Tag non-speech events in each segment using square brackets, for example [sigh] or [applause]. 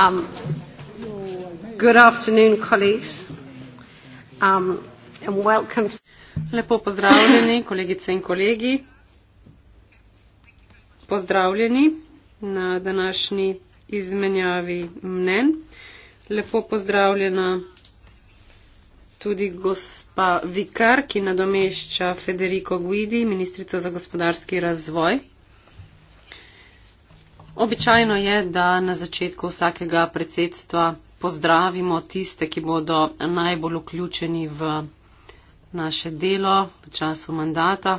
Um, good afternoon, colleagues, um, and welcome. Lepo pozdravljeni, kolegice in kolegi. Pozdravljeni na današnji izmenjavi mnen. Lepo pozdravljena tudi gospa Vikar, ki nadomešča Federico Guidi, ministrica za gospodarski razvoj. Običajno je, da na začetku vsakega predsedstva pozdravimo tiste, ki bodo najbolj vključeni v naše delo v času mandata.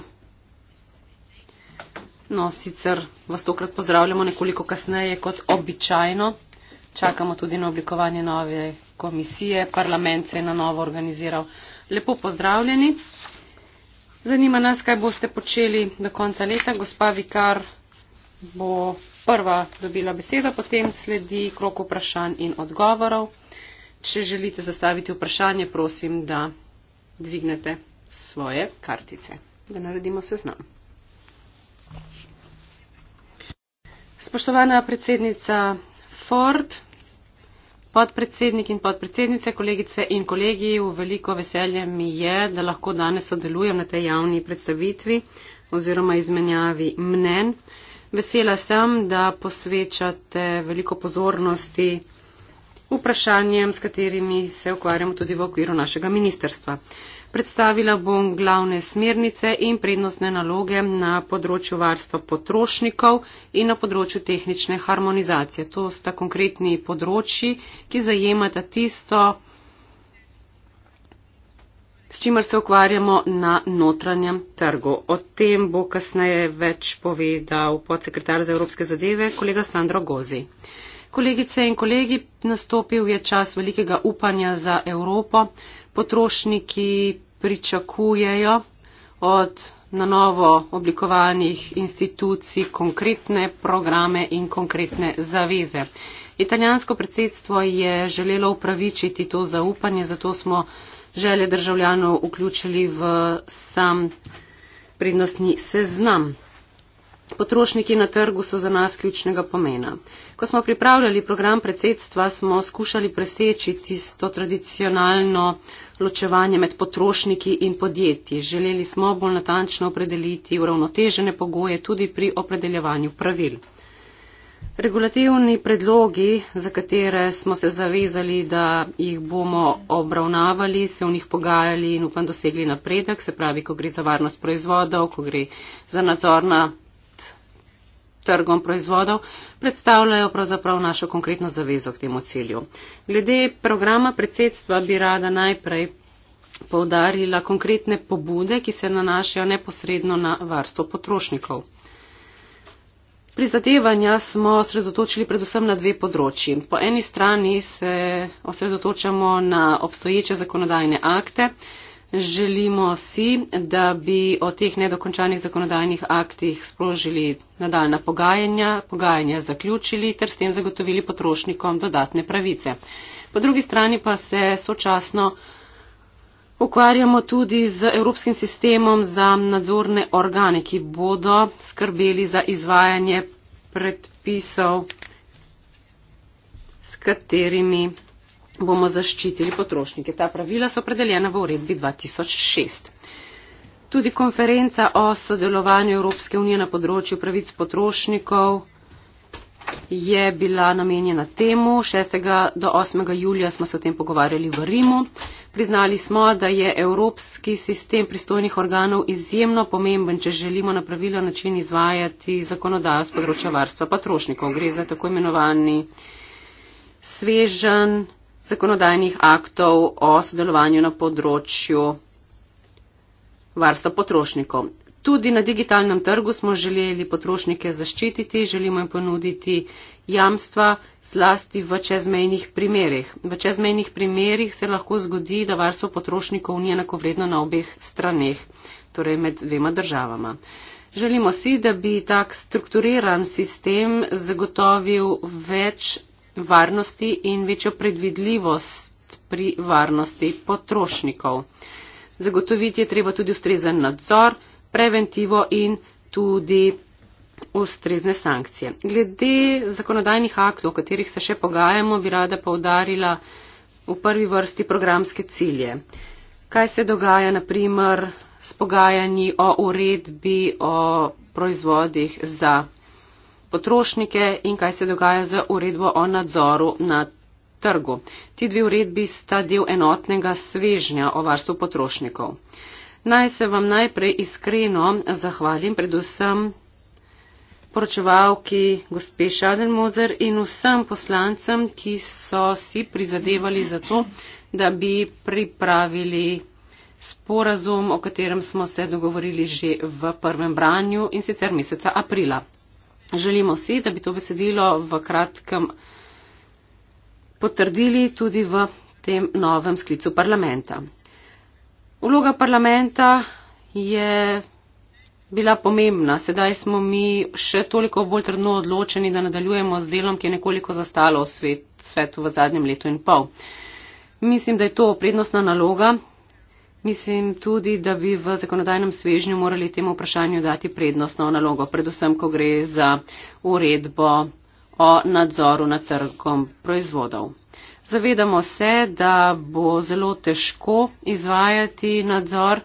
No, sicer vas tokrat pozdravljamo nekoliko kasneje kot običajno. Čakamo tudi na oblikovanje nove komisije. Parlament se je na novo organiziral. Lepo pozdravljeni. Zanima nas, kaj boste počeli do konca leta. Gospa Vikar bo prva dobila besedo, potem sledi krok vprašanj in odgovorov. Če želite zastaviti vprašanje, prosim, da dvignete svoje kartice, da naredimo seznam. Spoštovana predsednica Ford, podpredsednik in podpredsednice, kolegice in kolegi, v veliko veselje mi je, da lahko danes sodelujem na tej javni predstavitvi oziroma izmenjavi mnen. Vesela sem, da posvečate veliko pozornosti vprašanjem, s katerimi se ukvarjamo tudi v okviru našega ministerstva. Predstavila bom glavne smernice in prednostne naloge na področju varstva potrošnikov in na področju tehnične harmonizacije. To sta konkretni področji, ki zajemata tisto, s čimer se ukvarjamo na notranjem trgu. O tem bo kasneje več povedal podsekretar za evropske zadeve, kolega Sandro Gozi. Kolegice in kolegi, nastopil je čas velikega upanja za Evropo. Potrošniki pričakujejo od na novo oblikovanih institucij konkretne programe in konkretne zaveze. Italijansko predsedstvo je želelo upravičiti to zaupanje, zato smo želje državljanov vključili v sam prednostni seznam. Potrošniki na trgu so za nas ključnega pomena. Ko smo pripravljali program predsedstva, smo skušali preseči tisto tradicionalno ločevanje med potrošniki in podjetji. Želeli smo bolj natančno opredeliti uravnotežene pogoje tudi pri opredeljevanju pravil. Regulativni predlogi, za katere smo se zavezali, da jih bomo obravnavali, se v njih pogajali in upam dosegli napredek, se pravi, ko gre za varnost proizvodov, ko gre za nadzor nad trgom proizvodov, predstavljajo pravzaprav našo konkretno zavezo k temu cilju. Glede programa predsedstva bi rada najprej povdarila konkretne pobude, ki se nanašajo neposredno na varstvo potrošnikov. Prizadevanja smo osredotočili predvsem na dve področji. Po eni strani se osredotočamo na obstoječe zakonodajne akte. Želimo si, da bi o teh nedokončanih zakonodajnih aktih sprožili nadaljna pogajanja, pogajanja zaključili ter s tem zagotovili potrošnikom dodatne pravice. Po drugi strani pa se sočasno ukvarjamo tudi z Evropskim sistemom za nadzorne organe, ki bodo skrbeli za izvajanje predpisov, s katerimi bomo zaščitili potrošnike. Ta pravila so opredeljena v uredbi 2006. Tudi konferenca o sodelovanju Evropske unije na področju pravic potrošnikov je bila namenjena temu. 6. do 8. julija smo se o tem pogovarjali v Rimu. Priznali smo, da je evropski sistem pristojnih organov izjemno pomemben, če želimo na pravilen način izvajati zakonodajo z področja varstva potrošnikov. Gre za tako imenovani svežen zakonodajnih aktov o sodelovanju na področju varstva potrošnikov. Tudi na digitalnem trgu smo želeli potrošnike zaščititi, želimo jim ponuditi jamstva, zlasti v čezmejnih primerih. V čezmejnih primerih se lahko zgodi, da varstvo potrošnikov ni enakovredno na obeh straneh, torej med dvema državama. Želimo si, da bi tak strukturiran sistem zagotovil več varnosti in večjo predvidljivost pri varnosti potrošnikov. Zagotoviti je treba tudi ustrezen nadzor, preventivo in tudi ustrezne sankcije. Glede zakonodajnih aktov, o katerih se še pogajamo, bi rada povdarila v prvi vrsti programske cilje. Kaj se dogaja naprimer s pogajanji o uredbi o proizvodih za potrošnike in kaj se dogaja z uredbo o nadzoru na trgu. Ti dve uredbi sta del enotnega svežnja o varstvu potrošnikov. Naj se vam najprej iskreno zahvalim predvsem poročevalki gospe Šadenmozer in vsem poslancem, ki so si prizadevali za to, da bi pripravili sporazum, o katerem smo se dogovorili že v prvem branju in sicer meseca aprila. Želimo si, da bi to besedilo v kratkem potrdili tudi v tem novem sklicu parlamenta. Vloga parlamenta je bila pomembna. Sedaj smo mi še toliko bolj trdno odločeni, da nadaljujemo z delom, ki je nekoliko zastalo v svet, svetu v zadnjem letu in pol. Mislim, da je to prednostna naloga. Mislim tudi, da bi v zakonodajnem svežnju morali temu vprašanju dati prednostno nalogo, predvsem, ko gre za uredbo o nadzoru nad trgom proizvodov. Zavedamo se, da bo zelo težko izvajati nadzor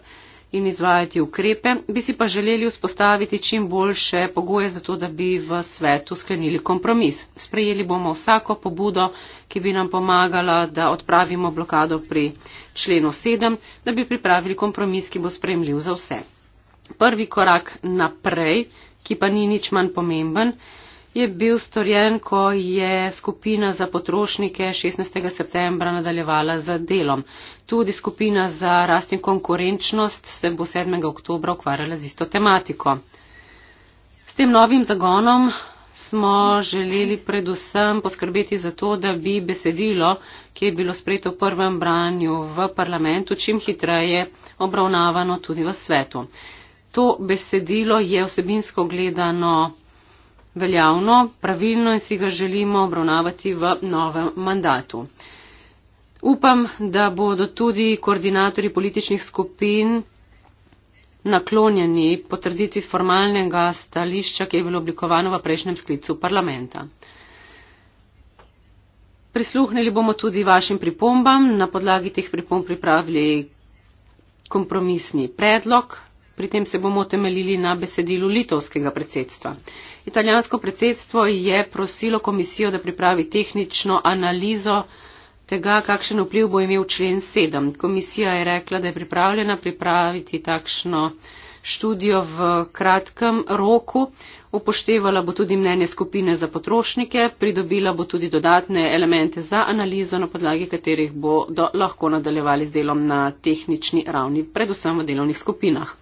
in izvajati ukrepe, bi si pa želeli vzpostaviti čim boljše pogoje za to, da bi v svetu sklenili kompromis. Sprejeli bomo vsako pobudo, ki bi nam pomagala, da odpravimo blokado pri členu 7, da bi pripravili kompromis, ki bo spremljiv za vse. Prvi korak naprej, ki pa ni nič manj pomemben, je bil storjen, ko je skupina za potrošnike 16. septembra nadaljevala z delom. Tudi skupina za rast in konkurenčnost se bo 7. oktobra ukvarjala z isto tematiko. S tem novim zagonom smo želeli predvsem poskrbeti za to, da bi besedilo, ki je bilo sprejeto v prvem branju v parlamentu, čim hitreje obravnavano tudi v svetu. To besedilo je vsebinsko gledano veljavno, pravilno in si ga želimo obravnavati v novem mandatu. Upam, da bodo tudi koordinatori političnih skupin naklonjeni potrditi formalnega stališča, ki je bilo oblikovano v prejšnjem sklicu parlamenta. Prisluhnili bomo tudi vašim pripombam, na podlagi teh pripomb pripravili kompromisni predlog, pri tem se bomo temeljili na besedilu litovskega predsedstva. Italijansko predsedstvo je prosilo komisijo, da pripravi tehnično analizo tega, kakšen vpliv bo imel člen 7. Komisija je rekla, da je pripravljena pripraviti takšno študijo v kratkem roku, upoštevala bo tudi mnenje skupine za potrošnike, pridobila bo tudi dodatne elemente za analizo, na podlagi katerih bo lahko nadaljevali z delom na tehnični ravni, predvsem v delovnih skupinah.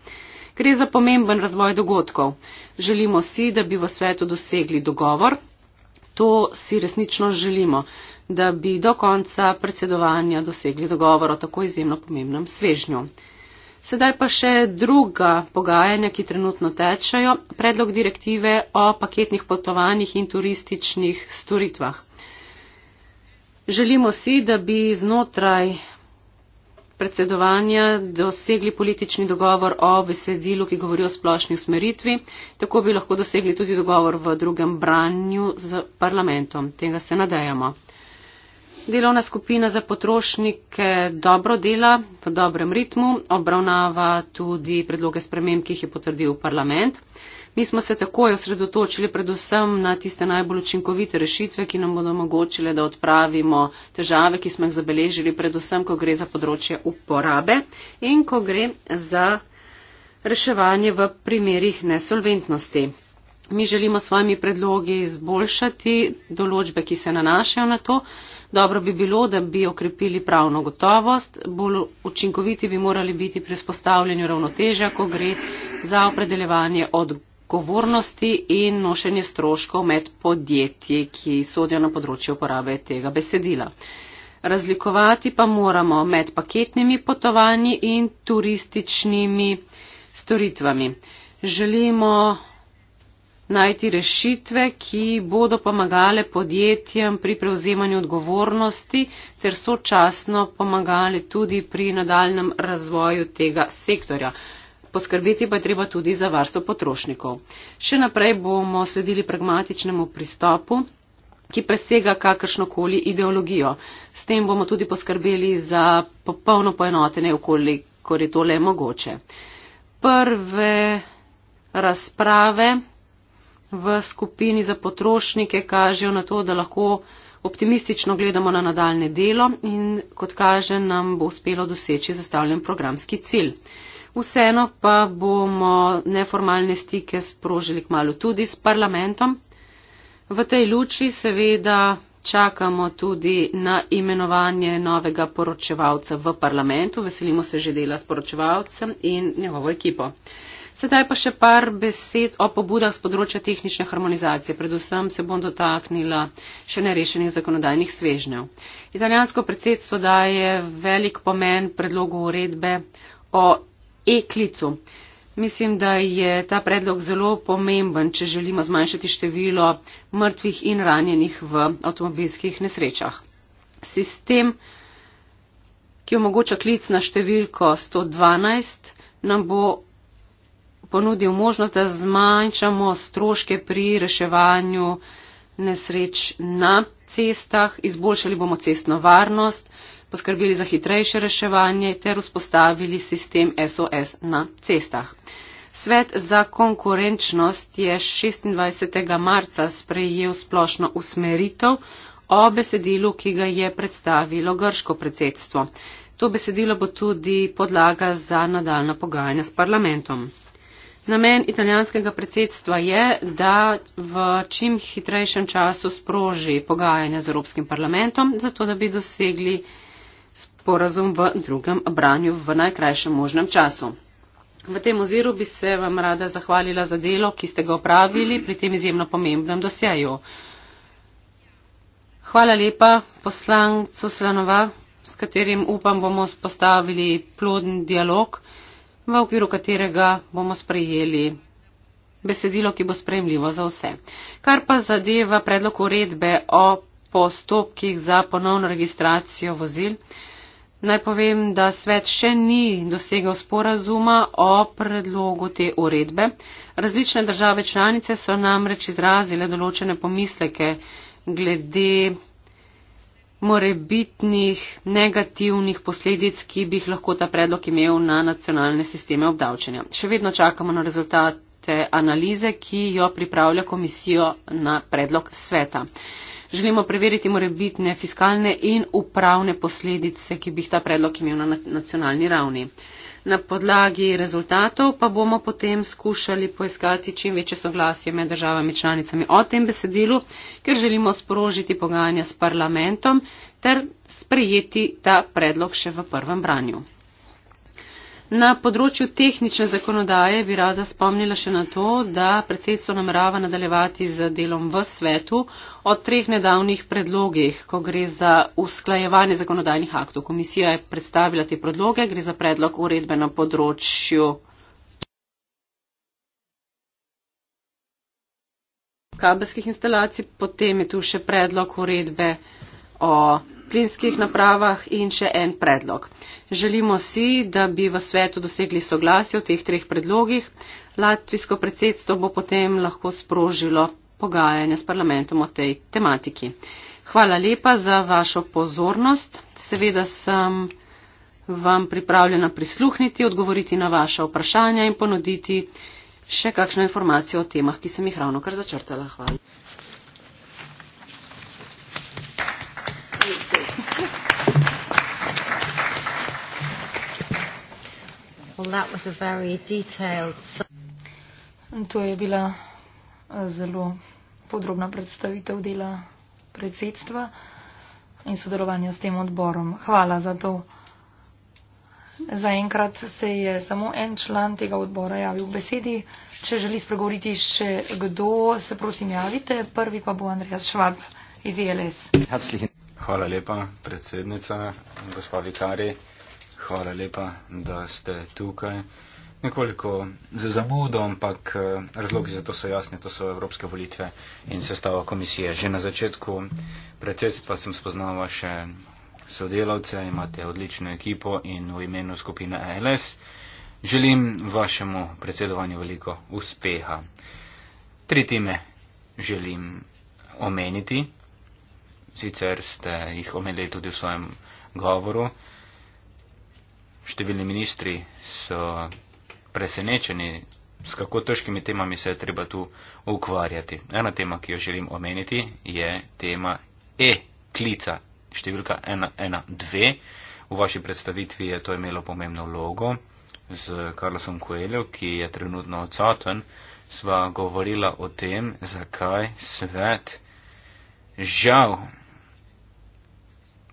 Gre za pomemben razvoj dogodkov. Želimo si, da bi v svetu dosegli dogovor. To si resnično želimo, da bi do konca predsedovanja dosegli dogovor o tako izjemno pomembnem svežnju. Sedaj pa še druga pogajanja, ki trenutno tečajo, predlog direktive o paketnih potovanjih in turističnih storitvah. Želimo si, da bi znotraj predsedovanja dosegli politični dogovor o besedilu, ki govori o splošni usmeritvi, tako bi lahko dosegli tudi dogovor v drugem branju z parlamentom. Tega se nadejamo. Delovna skupina za potrošnike dobro dela v dobrem ritmu, obravnava tudi predloge sprememb, ki jih je potrdil parlament. Mi smo se takoj osredotočili predvsem na tiste najbolj učinkovite rešitve, ki nam bodo omogočile, da odpravimo težave, ki smo jih zabeležili, predvsem, ko gre za področje uporabe in ko gre za reševanje v primerih nesolventnosti. Mi želimo s svojimi predlogi izboljšati določbe, ki se nanašajo na to. Dobro bi bilo, da bi okrepili pravno gotovost, bolj učinkoviti bi morali biti pri spostavljanju ravnotežja, ko gre za opredeljevanje odgovornosti odgovornosti in nošenje stroškov med podjetji, ki sodijo na področje uporabe tega besedila. Razlikovati pa moramo med paketnimi potovanji in turističnimi storitvami. Želimo najti rešitve, ki bodo pomagale podjetjem pri prevzemanju odgovornosti ter sočasno pomagale tudi pri nadaljem razvoju tega sektorja poskrbeti pa je treba tudi za varstvo potrošnikov. Še naprej bomo sledili pragmatičnemu pristopu ki presega kakršnokoli ideologijo. S tem bomo tudi poskrbeli za popolno poenotenje okoli, kor je to le mogoče. Prve razprave v skupini za potrošnike kažejo na to, da lahko optimistično gledamo na nadaljne delo in kot kaže, nam bo uspelo doseči zastavljen programski cilj. Vseeno pa bomo neformalne stike sprožili k malu tudi s parlamentom. V tej luči seveda čakamo tudi na imenovanje novega poročevalca v parlamentu. Veselimo se že dela s poročevalcem in njegovo ekipo. Sedaj pa še par besed o pobudah z področja tehnične harmonizacije. Predvsem se bom dotaknila še nerešenih zakonodajnih svežnjev. Italijansko predsedstvo daje velik pomen predlogu uredbe o e-klicu. Mislim, da je ta predlog zelo pomemben, če želimo zmanjšati število mrtvih in ranjenih v avtomobilskih nesrečah. Sistem, ki omogoča klic na številko 112, nam bo ponudil možnost, da zmanjšamo stroške pri reševanju nesreč na cestah, izboljšali bomo cestno varnost, poskrbeli za hitrejše reševanje ter vzpostavili sistem SOS na cestah. Svet za konkurenčnost je 26. marca sprejel splošno usmeritev o besedilu, ki ga je predstavilo grško predsedstvo. To besedilo bo tudi podlaga za nadaljna pogajanja s parlamentom. Namen italijanskega predsedstva je, da v čim hitrejšem času sproži pogajanja z Evropskim parlamentom, zato da bi dosegli sporazum v drugem branju v najkrajšem možnem času. V tem oziru bi se vam rada zahvalila za delo, ki ste ga opravili pri tem izjemno pomembnem dosjeju. Hvala lepa poslancu Slanova, s katerim upam bomo spostavili ploden dialog, v okviru katerega bomo sprejeli besedilo, ki bo sprejemljivo za vse. Kar pa zadeva predlog uredbe o postopkih za ponovno registracijo vozil. Naj povem, da svet še ni dosegal sporazuma o predlogu te uredbe. Različne države članice so namreč izrazile določene pomisleke glede morebitnih negativnih posledic, ki bi jih lahko ta predlog imel na nacionalne sisteme obdavčenja. Še vedno čakamo na rezultate analize, ki jo pripravlja komisijo na predlog sveta želimo preveriti morebitne fiskalne in upravne posledice, ki bi jih ta predlog imel na nacionalni ravni. Na podlagi rezultatov pa bomo potem skušali poiskati čim večje soglasje med državami članicami o tem besedilu, ker želimo sprožiti pogajanja s parlamentom ter sprejeti ta predlog še v prvem branju. Na področju tehnične zakonodaje bi rada spomnila še na to, da predsedstvo namerava nadaljevati z delom v svetu o treh nedavnih predlogih, ko gre za usklajevanje zakonodajnih aktov. Komisija je predstavila te predloge, gre za predlog uredbe na področju. kabelskih instalacij, potem je tu še predlog uredbe o plinskih napravah in še en predlog. Želimo si, da bi v svetu dosegli soglasje o teh treh predlogih. Latvijsko predsedstvo bo potem lahko sprožilo pogajanje s parlamentom o tej tematiki. Hvala lepa za vašo pozornost. Seveda sem vam pripravljena prisluhniti, odgovoriti na vaše vprašanja in ponuditi še kakšno informacijo o temah, ki sem jih ravno kar začrtala. Hvala. Well, that was a very detailed... To je bila eh, zelo podrobna predstavitev dela predsedstva in sodelovanja s tem odborom. Hvala za to. Zaenkrat se je samo en član tega odbora javil v besedi. Če želi spregovoriti še kdo, se prosim javite. Prvi pa bo Andreas Švab iz ILS. Herzlichen. Hvala lepa, predsednica, gospod Vikari. Hvala lepa, da ste tukaj. Nekoliko za zamudo, ampak eh, razlogi za to so jasni, to so evropske volitve in sestava komisije. Že na začetku predsedstva sem spoznal vaše sodelavce, imate odlično ekipo in v imenu skupine ELS želim vašemu predsedovanju veliko uspeha. Tri time želim omeniti sicer ste jih omenili tudi v svojem govoru. Številni ministri so presenečeni, s kako težkimi temami se je treba tu ukvarjati. Ena tema, ki jo želim omeniti, je tema e-klica številka 112. V vaši predstavitvi je to imelo pomembno vlogo z Karlosom Koeljo, ki je trenutno odsoten. Sva govorila o tem, zakaj svet žal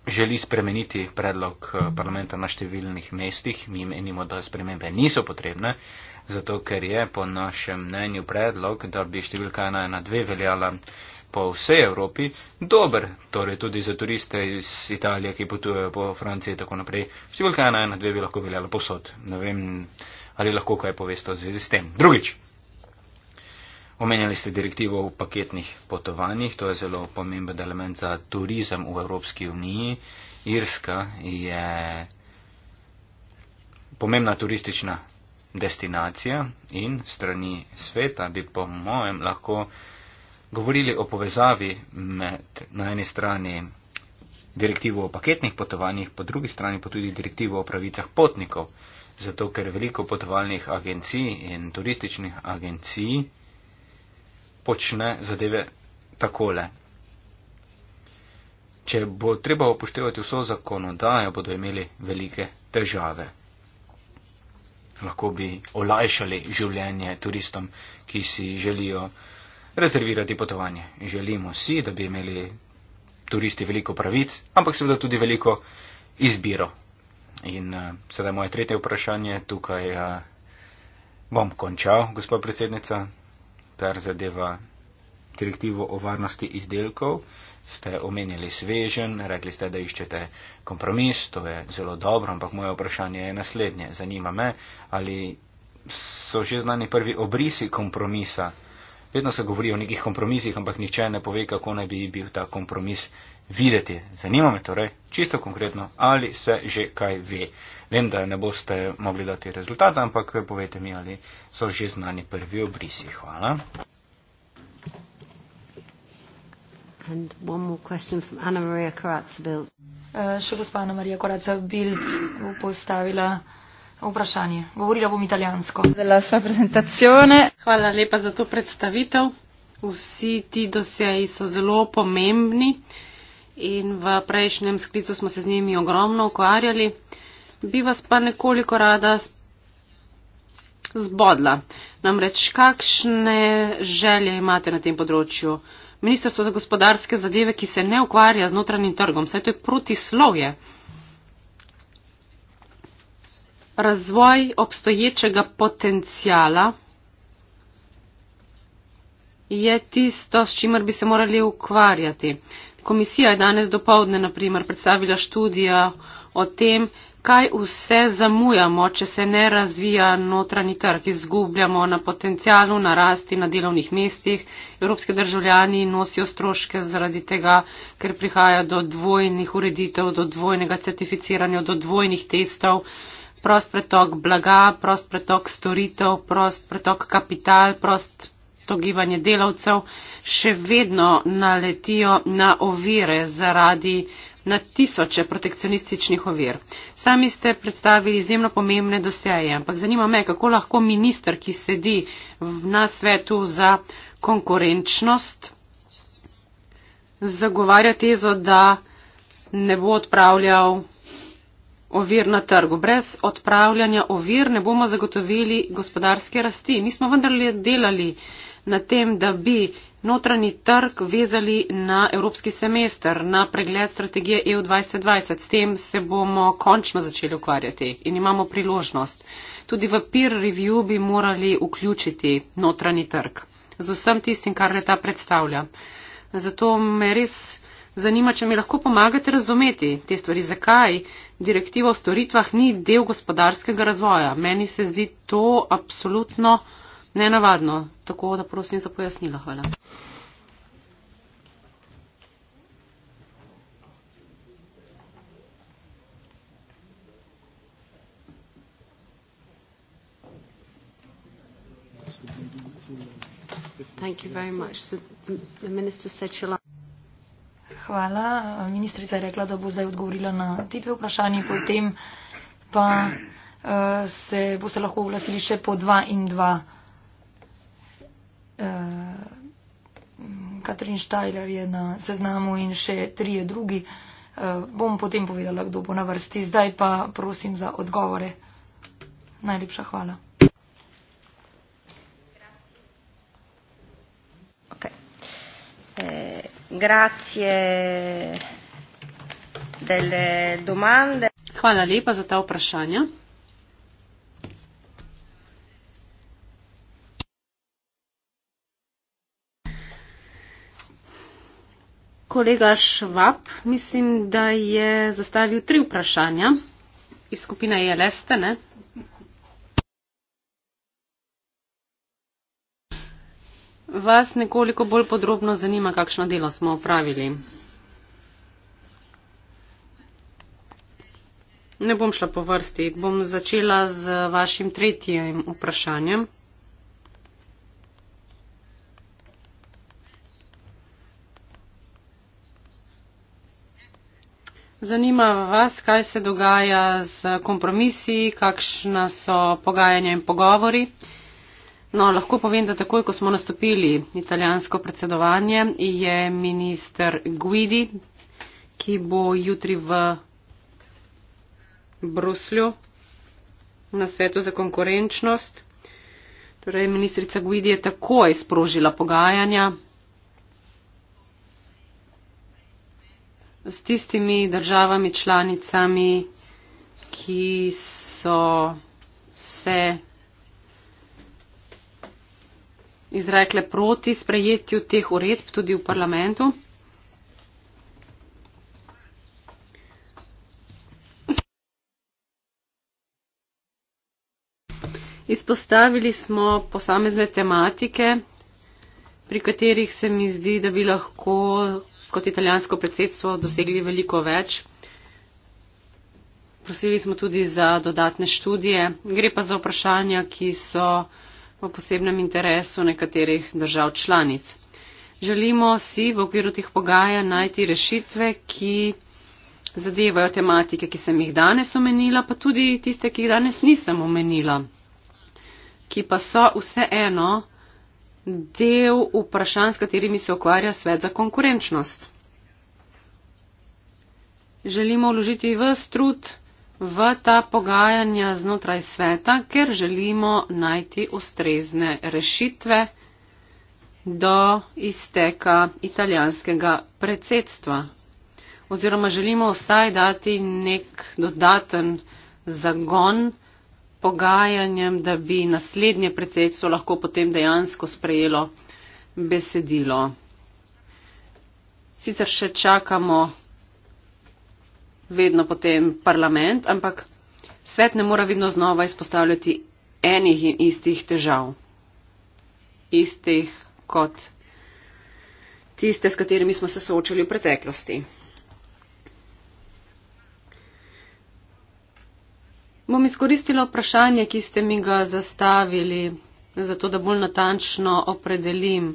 želi spremeniti predlog eh, parlamenta na številnih mestih. Mi menimo, da spremembe niso potrebne, zato ker je po našem mnenju predlog, da bi številka 112 veljala po vsej Evropi, dober, torej tudi za turiste iz Italije, ki potujejo po Franciji in tako naprej. Številka 112 bi lahko veljala posod. Ne vem, ali lahko kaj poveste v zvezi s tem. Drugič. Omenjali ste direktivo o paketnih potovanjih, to je zelo pomemben element za turizem v Evropski uniji. Irska je pomembna turistična destinacija in strani sveta bi po mojem lahko govorili o povezavi med na eni strani direktivo o paketnih potovanjih, po drugi strani pa tudi direktivo o pravicah potnikov, zato ker veliko potovalnih agencij in turističnih agencij počne zadeve takole. Če bo treba upoštevati vso zakonodajo, bodo imeli velike težave. Lahko bi olajšali življenje turistom, ki si želijo rezervirati potovanje. Želimo si, da bi imeli turisti veliko pravic, ampak seveda tudi veliko izbiro. In uh, sedaj moje tretje vprašanje tukaj. Uh, Bom končal, gospod predsednica, kar zadeva direktivo o varnosti izdelkov. Ste omenili svežen, rekli ste, da iščete kompromis, to je zelo dobro, ampak moje vprašanje je naslednje. Zanima me, ali so že znani prvi obrisi kompromisa. Vedno se govori o nekih kompromisih, ampak nihče ne pove, kako naj bi bil ta kompromis videti. Zanima me torej, čisto konkretno, ali se že kaj ve. Vem, da ne boste mogli dati rezultata, ampak povete mi, ali so že znani prvi obrisi. Hvala. Uh, še gospa Ana Marija Koraca Bild bo postavila vprašanje. Govorila bom italijansko. Hvala lepa za to predstavitev. Vsi ti dosjeji so zelo pomembni. Uh, in v prejšnjem sklicu smo se z njimi ogromno ukvarjali. Bi vas pa nekoliko rada zbodla. Namreč, kakšne želje imate na tem področju? Ministrstvo za gospodarske zadeve, ki se ne ukvarja z notranjim trgom, saj to je protislovje. Razvoj obstoječega potencijala je tisto, s čimer bi se morali ukvarjati. Komisija je danes dopovdne naprimer predstavila študijo o tem, kaj vse zamujamo, če se ne razvija notranji trg, izgubljamo na potencijalu narasti na delovnih mestih, evropske državljani nosijo stroške zaradi tega, ker prihaja do dvojnih ureditev, do dvojnega certificiranja, do dvojnih testov, prost pretok blaga, prost pretok storitev, prost pretok kapital, prost to gibanje delavcev, še vedno naletijo na ovire zaradi na tisoče protekcionističnih ovir. Sami ste predstavili izjemno pomembne doseje, ampak zanima me, kako lahko minister, ki sedi na svetu za konkurenčnost, zagovarja tezo, da ne bo odpravljal ovir na trgu. Brez odpravljanja ovir ne bomo zagotovili gospodarske rasti. Mi smo vendarle delali na tem, da bi notranji trg vezali na evropski semester, na pregled strategije EU 2020. S tem se bomo končno začeli ukvarjati in imamo priložnost. Tudi v peer review bi morali vključiti notranji trg z vsem tistim, kar le ta predstavlja. Zato me res zanima, če mi lahko pomagate razumeti te stvari, zakaj direktiva o storitvah ni del gospodarskega razvoja. Meni se zdi to absolutno. Nenavadno, tako da prosim za pojasnila. Hvala. Hvala. Ministrica je rekla, da bo zdaj odgovorila na te dve vprašanje, potem pa uh, se boste lahko oglasili še po dva in dva eh, Katrin Štajler je na seznamu in še trije drugi. Eh, bom potem povedala, kdo bo na vrsti. Zdaj pa prosim za odgovore. Najlepša hvala. Okay. Eh, grazie. Hvala lepa za ta vprašanja. kolega Švab, mislim, da je zastavil tri vprašanja iz skupine Jeleste. Ne? Vas nekoliko bolj podrobno zanima, kakšno delo smo opravili. Ne bom šla po vrsti, bom začela z vašim tretjim vprašanjem. Zanima vas, kaj se dogaja z kompromisi, kakšna so pogajanja in pogovori. No, lahko povem, da takoj, ko smo nastopili italijansko predsedovanje, je minister Guidi, ki bo jutri v Bruslju na svetu za konkurenčnost. Torej, ministrica Guidi je takoj sprožila pogajanja, s tistimi državami članicami, ki so se izrekle proti sprejetju teh uredb tudi v parlamentu. Izpostavili smo posamezne tematike, pri katerih se mi zdi, da bi lahko kot italijansko predsedstvo dosegli veliko več. Prosili smo tudi za dodatne študije. Gre pa za vprašanja, ki so v posebnem interesu nekaterih držav članic. Želimo si v okviru teh pogaja najti rešitve, ki zadevajo tematike, ki sem jih danes omenila, pa tudi tiste, ki jih danes nisem omenila, ki pa so vseeno del vprašanj, s katerimi se ukvarja svet za konkurenčnost. Želimo vložiti v strud v ta pogajanja znotraj sveta, ker želimo najti ustrezne rešitve do izteka italijanskega predsedstva. Oziroma želimo vsaj dati nek dodaten zagon, pogajanjem, da bi naslednje predsedstvo lahko potem dejansko sprejelo besedilo. Sicer še čakamo vedno potem parlament, ampak svet ne mora vedno znova izpostavljati enih in istih težav. Istih kot tiste, s katerimi smo se soočili v preteklosti. bom izkoristila vprašanje, ki ste mi ga zastavili, zato da bolj natančno opredelim,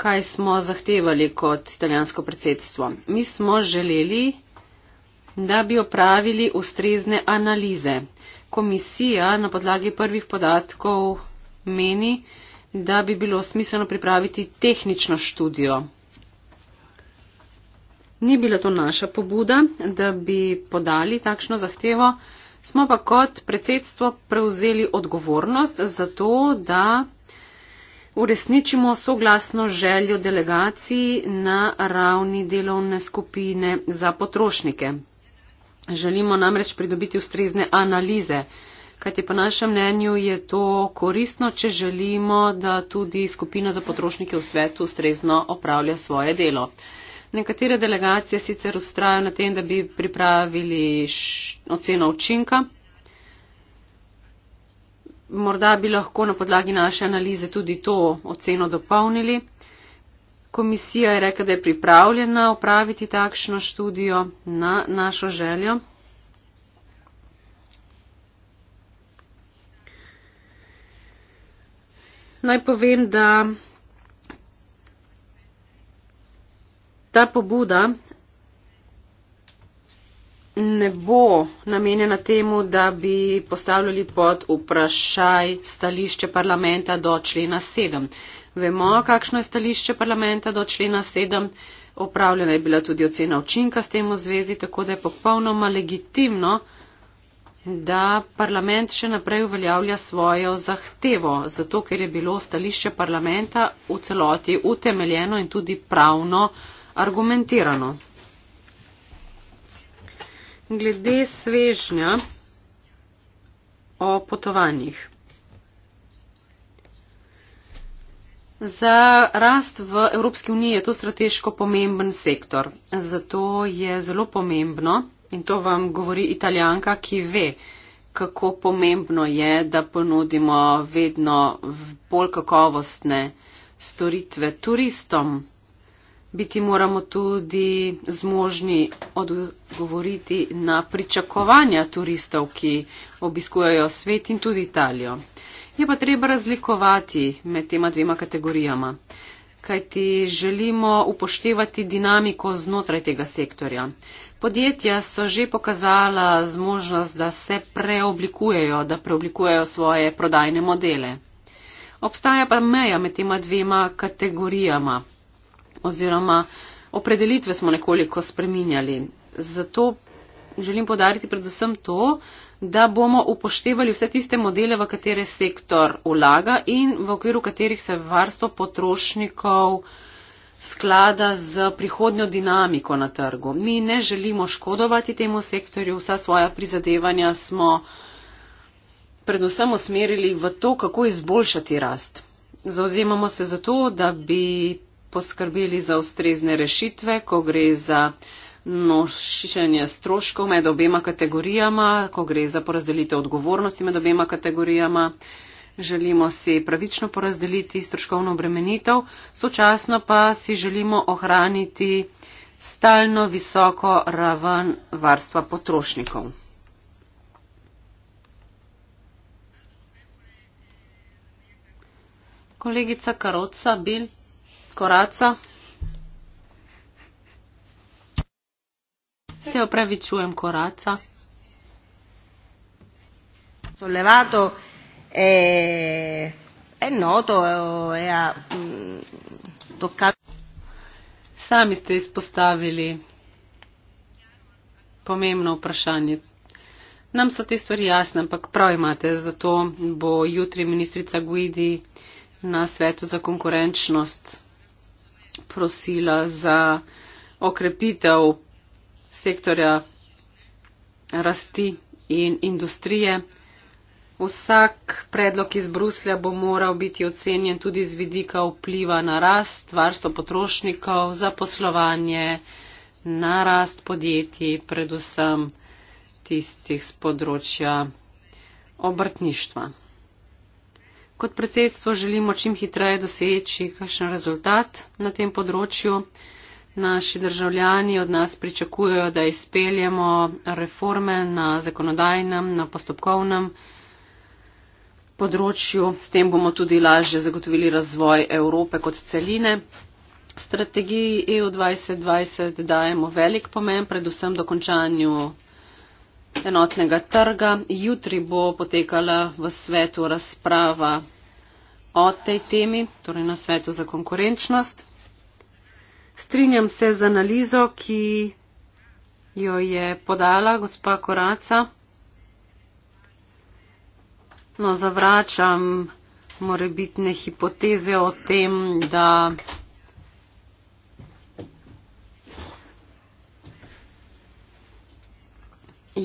kaj smo zahtevali kot italijansko predsedstvo. Mi smo želeli, da bi opravili ustrezne analize. Komisija na podlagi prvih podatkov meni, da bi bilo smiselno pripraviti tehnično študijo. Ni bila to naša pobuda, da bi podali takšno zahtevo smo pa kot predsedstvo prevzeli odgovornost za to, da uresničimo soglasno željo delegaciji na ravni delovne skupine za potrošnike. Želimo namreč pridobiti ustrezne analize, kajti po našem mnenju je to koristno, če želimo, da tudi skupina za potrošnike v svetu ustrezno opravlja svoje delo. Nekatere delegacije sicer ustrajajo na tem, da bi pripravili oceno učinka. Morda bi lahko na podlagi naše analize tudi to oceno dopolnili. Komisija je rekla, da je pripravljena upraviti takšno študijo na našo željo. Naj povem, da ta pobuda ne bo namenjena temu, da bi postavljali pod vprašaj stališče parlamenta do člena 7. Vemo, kakšno je stališče parlamenta do člena 7. Opravljena je bila tudi ocena učinka s tem v zvezi, tako da je popolnoma legitimno, da parlament še naprej uveljavlja svojo zahtevo, zato ker je bilo stališče parlamenta v celoti utemeljeno in tudi pravno argumentirano. Glede svežnja o potovanjih. Za rast v Evropski uniji je to strateško pomemben sektor. Zato je zelo pomembno, in to vam govori italijanka, ki ve, kako pomembno je, da ponudimo vedno bolj kakovostne storitve turistom biti moramo tudi zmožni odgovoriti na pričakovanja turistov, ki obiskujejo svet in tudi Italijo. Je pa treba razlikovati med tema dvema kategorijama, kajti želimo upoštevati dinamiko znotraj tega sektorja. Podjetja so že pokazala zmožnost, da se preoblikujejo, da preoblikujejo svoje prodajne modele. Obstaja pa meja med tema dvema kategorijama, oziroma opredelitve smo nekoliko spreminjali. Zato želim podariti predvsem to, da bomo upoštevali vse tiste modele, v katere sektor vlaga in v okviru katerih se varstvo potrošnikov sklada z prihodnjo dinamiko na trgu. Mi ne želimo škodovati temu sektorju, vsa svoja prizadevanja smo predvsem usmerili v to, kako izboljšati rast. Zauzemamo se za to, da bi poskrbeli za ustrezne rešitve, ko gre za nošenje stroškov med obema kategorijama, ko gre za porazdelitev odgovornosti med obema kategorijama. Želimo si pravično porazdeliti stroškovno obremenitev, sočasno pa si želimo ohraniti stalno visoko raven varstva potrošnikov. Kolegica Karoca, bil. Koraca. Se opravičujem, Koraca. Sollevato è, eh, è noto e ha mm, toccato. Sami ste izpostavili pomembno vprašanje. Nam so te stvari jasne, ampak prav imate, zato bo jutri ministrica Guidi na svetu za konkurenčnost prosila za okrepitev sektorja rasti in industrije. Vsak predlog iz Bruslja bo moral biti ocenjen tudi z vidika vpliva na rast, varstvo potrošnikov, zaposlovanje, na rast podjetij, predvsem tistih z področja obrtništva kot predsedstvo želimo čim hitreje doseči kakšen rezultat na tem področju. Naši državljani od nas pričakujejo, da izpeljemo reforme na zakonodajnem, na postopkovnem področju. S tem bomo tudi lažje zagotovili razvoj Evrope kot celine. Strategiji EU 2020 dajemo velik pomen, predvsem dokončanju enotnega trga. Jutri bo potekala v svetu razprava o tej temi, torej na svetu za konkurenčnost. Strinjam se z analizo, ki jo je podala gospa Koraca. No, zavračam morebitne hipoteze o tem, da.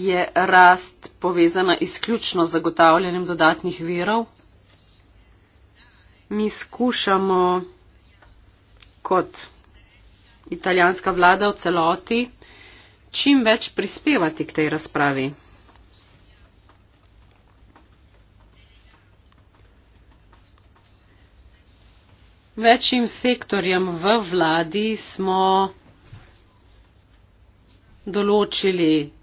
je rast povezana izključno z zagotavljanjem dodatnih virov. Mi skušamo kot italijanska vlada v celoti čim več prispevati k tej razpravi. Večjim sektorjem v vladi smo določili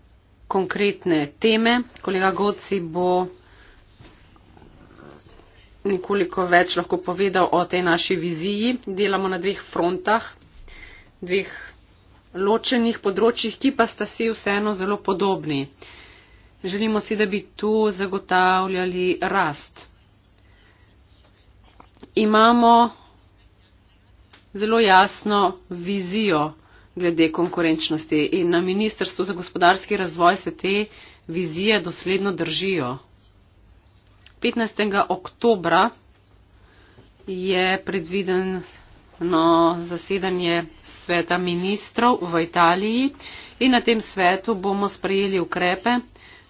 konkretne teme. Kolega Goci bo nekoliko več lahko povedal o tej naši viziji. Delamo na dveh frontah, dveh ločenih področjih, ki pa sta si vseeno zelo podobni. Želimo si, da bi tu zagotavljali rast. Imamo zelo jasno vizijo glede konkurenčnosti. In na Ministrstvu za gospodarski razvoj se te vizije dosledno držijo. 15. oktobra je predvideno zasedanje sveta ministrov v Italiji in na tem svetu bomo sprejeli ukrepe,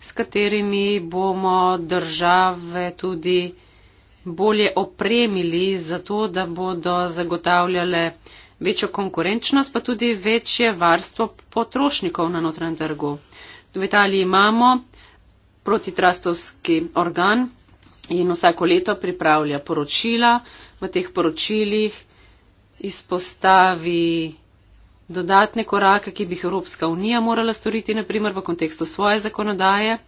s katerimi bomo države tudi bolje opremili za to, da bodo zagotavljale večjo konkurenčnost, pa tudi večje varstvo potrošnikov na notranjem trgu. V Italiji imamo protitrastovski organ in vsako leto pripravlja poročila. V teh poročilih izpostavi dodatne korake, ki bi jih Evropska unija morala storiti, naprimer v kontekstu svoje zakonodaje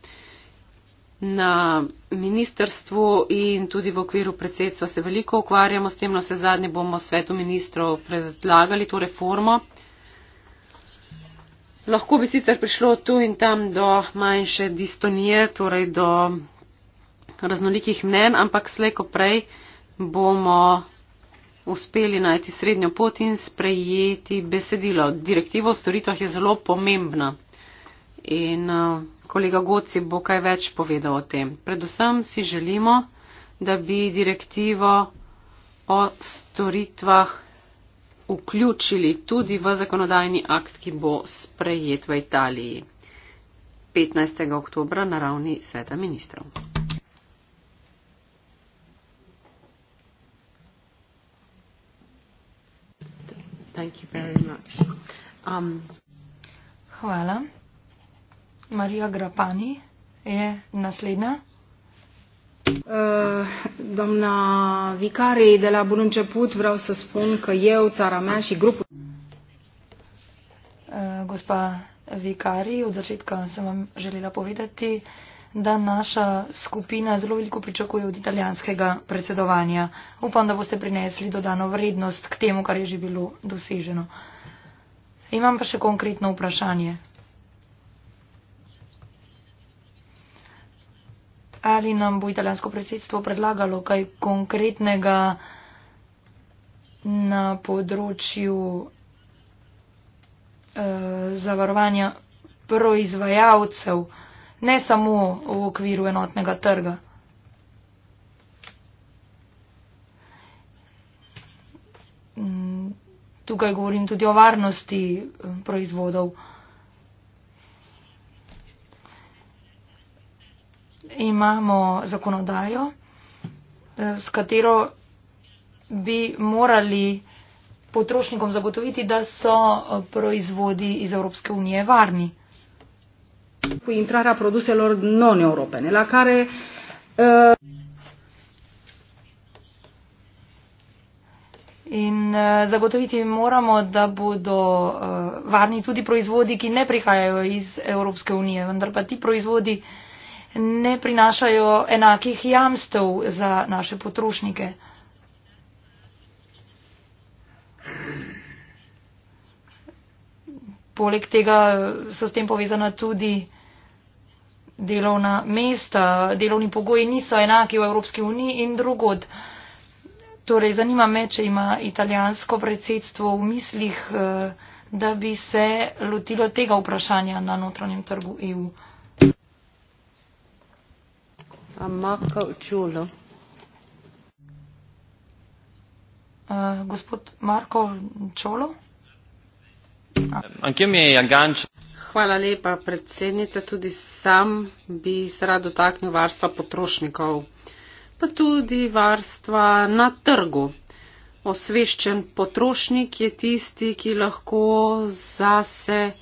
na ministerstvu in tudi v okviru predsedstva se veliko ukvarjamo s tem, no se zadnje bomo svetu ministrov predlagali to reformo. Lahko bi sicer prišlo tu in tam do manjše distonije, torej do raznolikih mnen, ampak slejko prej bomo uspeli najti srednjo pot in sprejeti besedilo. Direktiva o storitvah je zelo pomembna. In, uh, Kolega Goci bo kaj več povedal o tem. Predvsem si želimo, da bi direktivo o storitvah vključili tudi v zakonodajni akt, ki bo sprejet v Italiji 15. oktobra na ravni sveta ministrov. Thank you very much. Um, Hvala. Marija Grapani je naslednja. Uh, domna Vikari de la Brunče Put, vrav se spun, ka je v cara meši grupu. Uh, eh, gospa Vikari, od začetka sem vam želela povedati, da naša skupina zelo veliko pričakuje od italijanskega predsedovanja. Upam, da boste prinesli dodano vrednost k temu, kar e je že bilo doseženo. Imam pa še konkretno vprašanje. ali nam bo italijansko predsedstvo predlagalo kaj konkretnega na področju eh, zavarovanja proizvajalcev, ne samo v okviru enotnega trga. Mm, tukaj govorim tudi o varnosti eh, proizvodov. imamo zakonodajo, eh, s katero bi morali potrošnikom zagotoviti, da so eh, proizvodi iz Evropske unije varni. Eh, In zagotoviti moramo, da bodo varni tudi proizvodi, ki ne prihajajo iz Evropske unije, vendar pa ti proizvodi uh, ne prinašajo enakih jamstev za naše potrošnike. Poleg tega so s tem povezana tudi delovna mesta. Delovni pogoji niso enaki v Evropski uniji in drugod. Torej, zanima me, če ima italijansko predsedstvo v mislih, eh, da bi se lotilo tega vprašanja na notranjem trgu EU. Eh, Hvala lepa, predsednica. Tudi sam bi se rad dotaknil varstva potrošnikov, pa tudi varstva na trgu. Osveščen potrošnik je tisti, ki lahko zase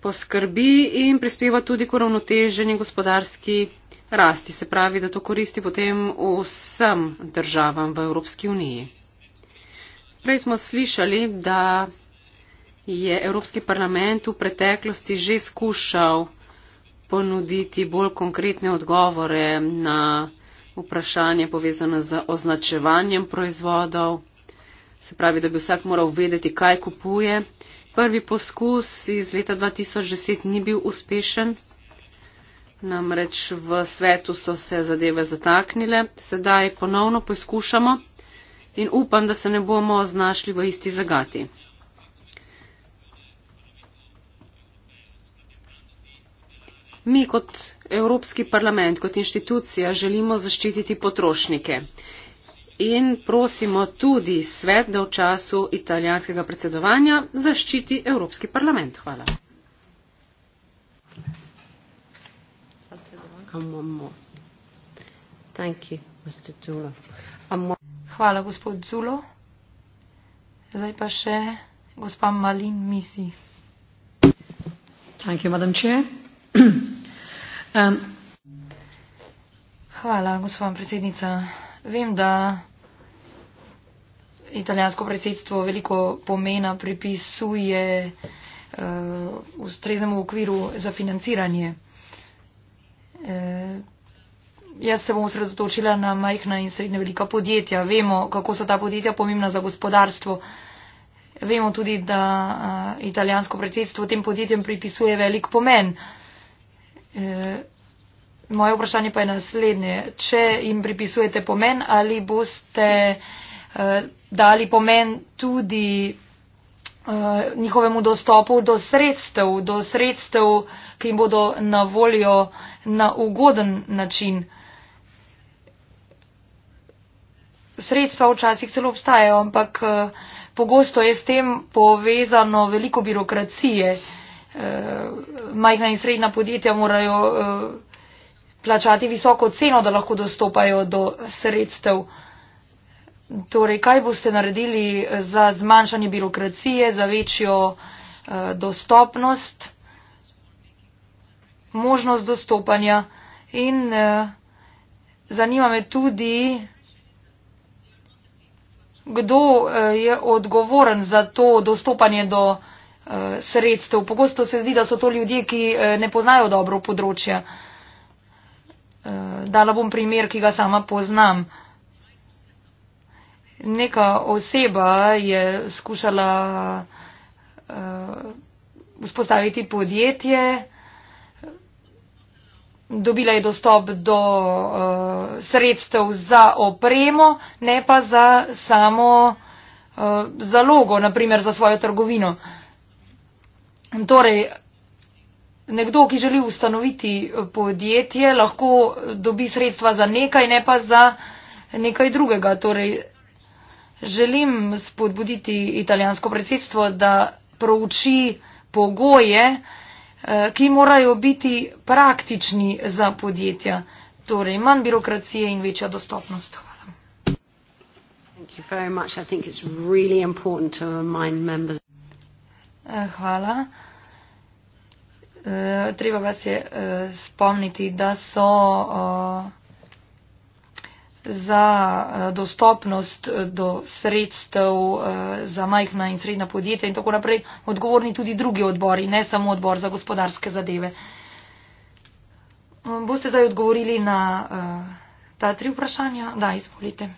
poskrbi in prispeva tudi k uravnoteženi gospodarski rasti, se pravi, da to koristi potem vsem državam v Evropski uniji. Prej smo slišali, da je Evropski parlament v preteklosti že skušal ponuditi bolj konkretne odgovore na vprašanje povezane z označevanjem proizvodov, se pravi, da bi vsak moral vedeti, kaj kupuje. Prvi poskus iz leta 2010 ni bil uspešen. Namreč v svetu so se zadeve zataknile, sedaj ponovno poskušamo in upam, da se ne bomo znašli v isti zagati. Mi kot Evropski parlament, kot inštitucija želimo zaščititi potrošnike in prosimo tudi svet, da v času italijanskega predsedovanja zaščiti Evropski parlament. Hvala. Čakamo mo. Thank you, Mr. Zulo. Mo um, Hvala, gospod Zulo. Zdaj pa še gospa Malin Misi. Thank you, madam chair. [clears throat] um. Hvala, gospa predsednica. Vem, da italijansko predsedstvo veliko pomena pripisuje uh, ustreznemu okviru za financiranje. Eh, jaz se bom osredotočila na majhna in srednje velika podjetja. Vemo, kako so ta podjetja pomembna za gospodarstvo. Vemo tudi, da eh, italijansko predsedstvo tem podjetjem pripisuje velik pomen. Eh, moje vprašanje pa je naslednje. Če jim pripisujete pomen, ali boste dali pomen tudi Eh, njihovemu dostopu do sredstev, do sredstev, ki jim bodo na voljo na ugoden način. Sredstva včasih celo obstajajo, ampak eh, pogosto je s tem povezano veliko birokracije. Eh, majhna in srednja podjetja morajo plačati visoko ceno, da lahko dostopajo do sredstev. Torej, kaj boste naredili za zmanjšanje birokracije, za večjo uh, dostopnost, možnost dostopanja in uh, zanima me tudi, kdo uh, je odgovoren za to dostopanje do uh, sredstev. Pogosto se zdi, da so to ljudje, ki uh, ne poznajo dobro področja. Uh, dala bom primer, ki ga sama poznam. Uh, neka oseba je skušala uh, vzpostaviti podjetje, dobila je dostop do uh, sredstev za opremo, ne pa za samo uh, zalogo, naprimer za svojo trgovino. Torej, Nekdo, ki želi ustanoviti podjetje, lahko dobi sredstva za nekaj, ne pa za nekaj drugega. Torej, Želim spodbuditi italijansko predsedstvo, da prouči pogoje, eh, ki morajo biti praktični za podjetja, torej manj birokracije in večja dostopnost. Hvala. Eh, hvala. Eh, treba vas je spomniti, da so. Uh, za eh, dostopnost eh, do sredstev eh, za majhna in srednja podjetja in tako naprej odgovorni tudi drugi odbori, ne samo odbor za gospodarske zadeve. Boste zdaj odgovorili na ta tri vprašanja? Da, izvolite.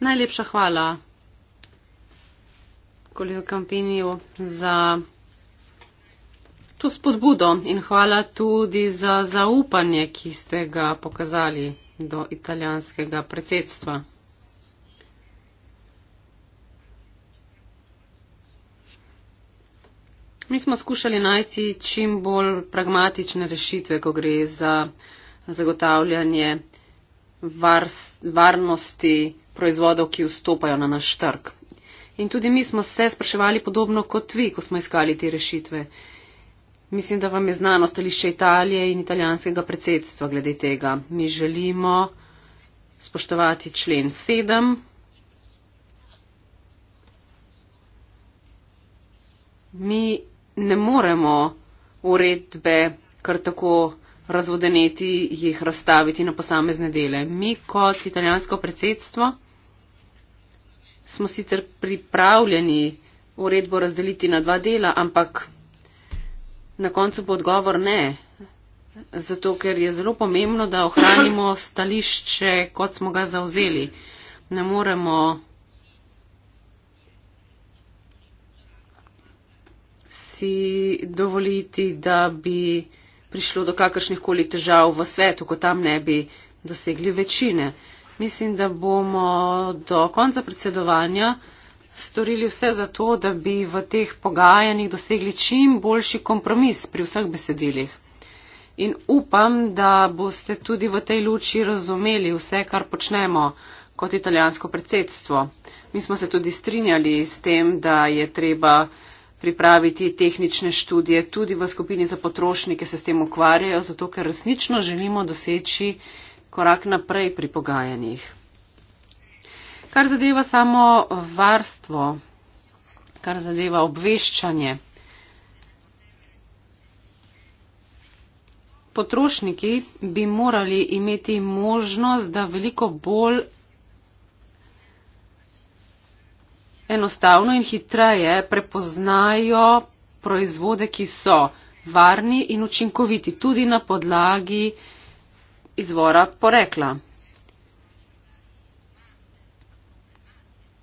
Najlepša hvala, kolega Kampinijo, za to spodbudo in hvala tudi za zaupanje, ki ste ga pokazali do italijanskega predsedstva. Mi smo skušali najti čim bolj pragmatične rešitve, ko gre za zagotavljanje var, varnosti proizvodov, ki vstopajo na naš trg. In tudi mi smo se spraševali podobno kot vi, ko smo iskali te rešitve. Mislim, da vam je znano stališče Italije in italijanskega predsedstva glede tega. Mi želimo spoštovati člen 7. Mi ne moremo uredbe kar tako razvodeneti, jih razstaviti na posamezne dele. Mi kot italijansko predsedstvo smo sicer pripravljeni uredbo razdeliti na dva dela, ampak Na koncu bo odgovor ne. Zato, ker je zelo pomembno, da ohranimo [coughs] stališče, kot smo ga zauzeli. Ne moremo si dovoliti, da bi prišlo do kakršnih koli težav v svetu, ko tam ne bi dosegli večine. Mislim, da bomo do konca predsedovanja storili vse za to, da bi v teh pogajanjih dosegli čim boljši kompromis pri vseh besedilih. In upam, da boste tudi v tej luči razumeli vse, kar počnemo kot italijansko predsedstvo. Mi smo se tudi strinjali s tem, da je treba pripraviti tehnične študije tudi v skupini za potrošnike, se s tem ukvarjajo, zato ker resnično želimo doseči korak naprej pri pogajanjih. Kar zadeva samo varstvo, kar zadeva obveščanje. Potrošniki bi morali imeti možnost, da veliko bolj enostavno in hitreje prepoznajo proizvode, ki so varni in učinkoviti tudi na podlagi izvora porekla.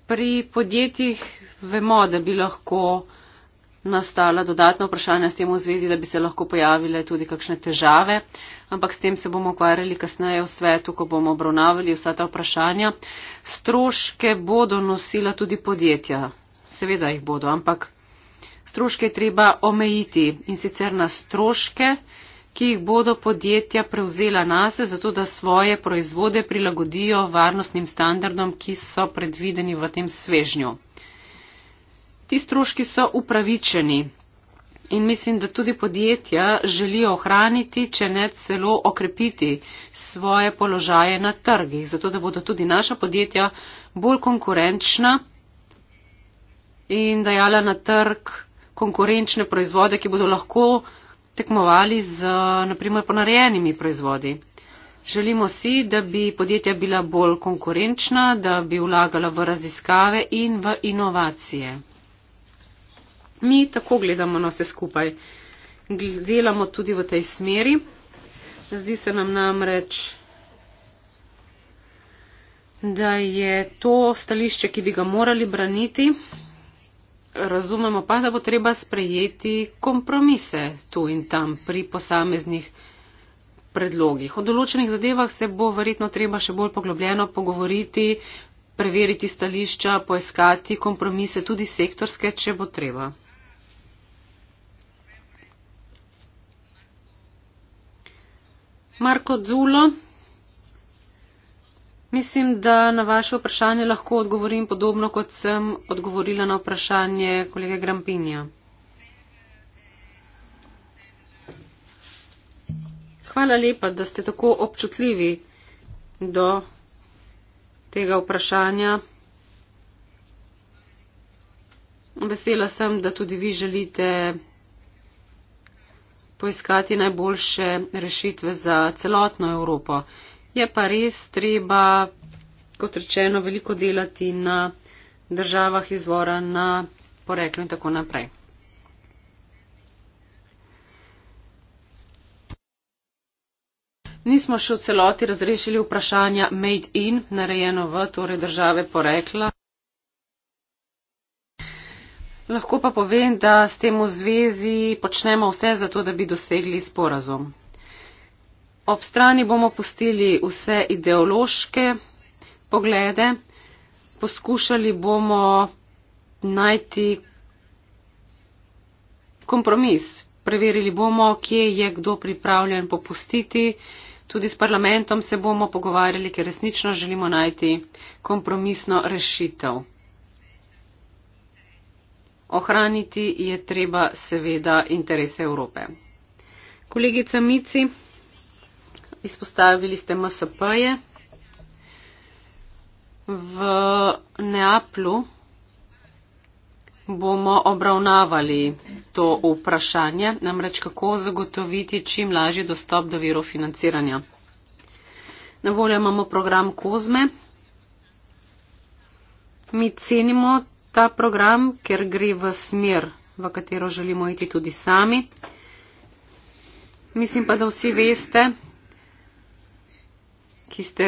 pri podjetjih vemo, da bi lahko nastala dodatna vprašanja s tem v zvezi, da bi se lahko pojavile tudi kakšne težave, ampak s tem se bomo ukvarjali kasneje v svetu, ko bomo obravnavali vsa ta vprašanja. Stroške bodo nosila tudi podjetja, seveda jih bodo, ampak stroške treba omejiti in sicer na stroške, ki jih bodo podjetja prevzela nase, zato da svoje proizvode prilagodijo varnostnim standardom, ki so predvideni v tem svežnju. Ti stroški so upravičeni in mislim, da tudi podjetja želijo ohraniti, če ne celo okrepiti svoje položaje na trgih, zato da bodo tudi naša podjetja bolj konkurenčna in dajala na trg konkurenčne proizvode, ki bodo lahko tekmovali z naprimer ponarejenimi proizvodi. Želimo si, da bi podjetja bila bolj konkurenčna, da bi vlagala v raziskave in v inovacije. Mi tako gledamo na vse skupaj. Delamo tudi v tej smeri. Zdi se nam namreč, da je to stališče, ki bi ga morali braniti, razumemo pa, da bo treba sprejeti kompromise tu in tam pri posameznih predlogih. O določenih zadevah se bo verjetno treba še bolj poglobljeno pogovoriti, preveriti stališča, poiskati kompromise, tudi sektorske, če bo treba. Marko Zulo, Mislim, da na vaše vprašanje lahko odgovorim podobno, kot sem odgovorila na vprašanje kolege Grampinja. Hvala lepa, da ste tako občutljivi do tega vprašanja. Vesela sem, da tudi vi želite poiskati najboljše rešitve za celotno Evropo. Je pa res treba, kot rečeno, veliko delati na državah izvora, na poreklu in tako naprej. Nismo še v celoti razrešili vprašanja made in, narejeno v, torej države porekla. Lahko pa povem, da s tem v zvezi počnemo vse za to, da bi dosegli sporazum. Ob strani bomo pustili vse ideološke poglede, poskušali bomo najti kompromis, preverili bomo, kje je kdo pripravljen popustiti, tudi s parlamentom se bomo pogovarjali, ker resnično želimo najti kompromisno rešitev. Ohraniti je treba seveda interese Evrope. Kolegica Mici izpostavili ste MSP-je. V Neaplu bomo obravnavali to vprašanje, namreč kako zagotoviti čim lažji dostop do virov financiranja. Na voljo imamo program Kozme. Mi cenimo ta program, ker gre v smer, v katero želimo iti tudi sami. Mislim pa, da vsi veste, ki ste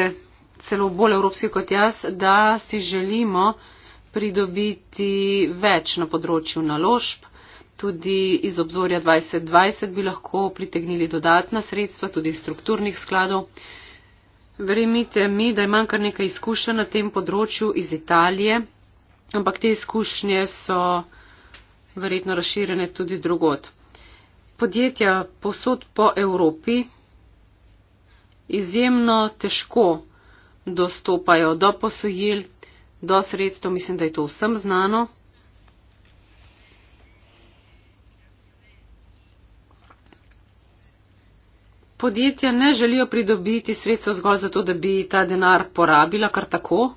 celo bolj evropski kot jaz, da si želimo pridobiti več na področju naložb. Tudi iz obzorja 2020 bi lahko pritegnili dodatna sredstva, tudi iz strukturnih skladov. Verjemite mi, da imam kar nekaj izkušenj na tem področju iz Italije, ampak te izkušnje so verjetno razširjene tudi drugot. Podjetja posod po Evropi izjemno težko dostopajo do posojil, do sredstev. Mislim, da je to vsem znano. Podjetja ne želijo pridobiti sredstev zgolj zato, da bi ta denar porabila kar tako.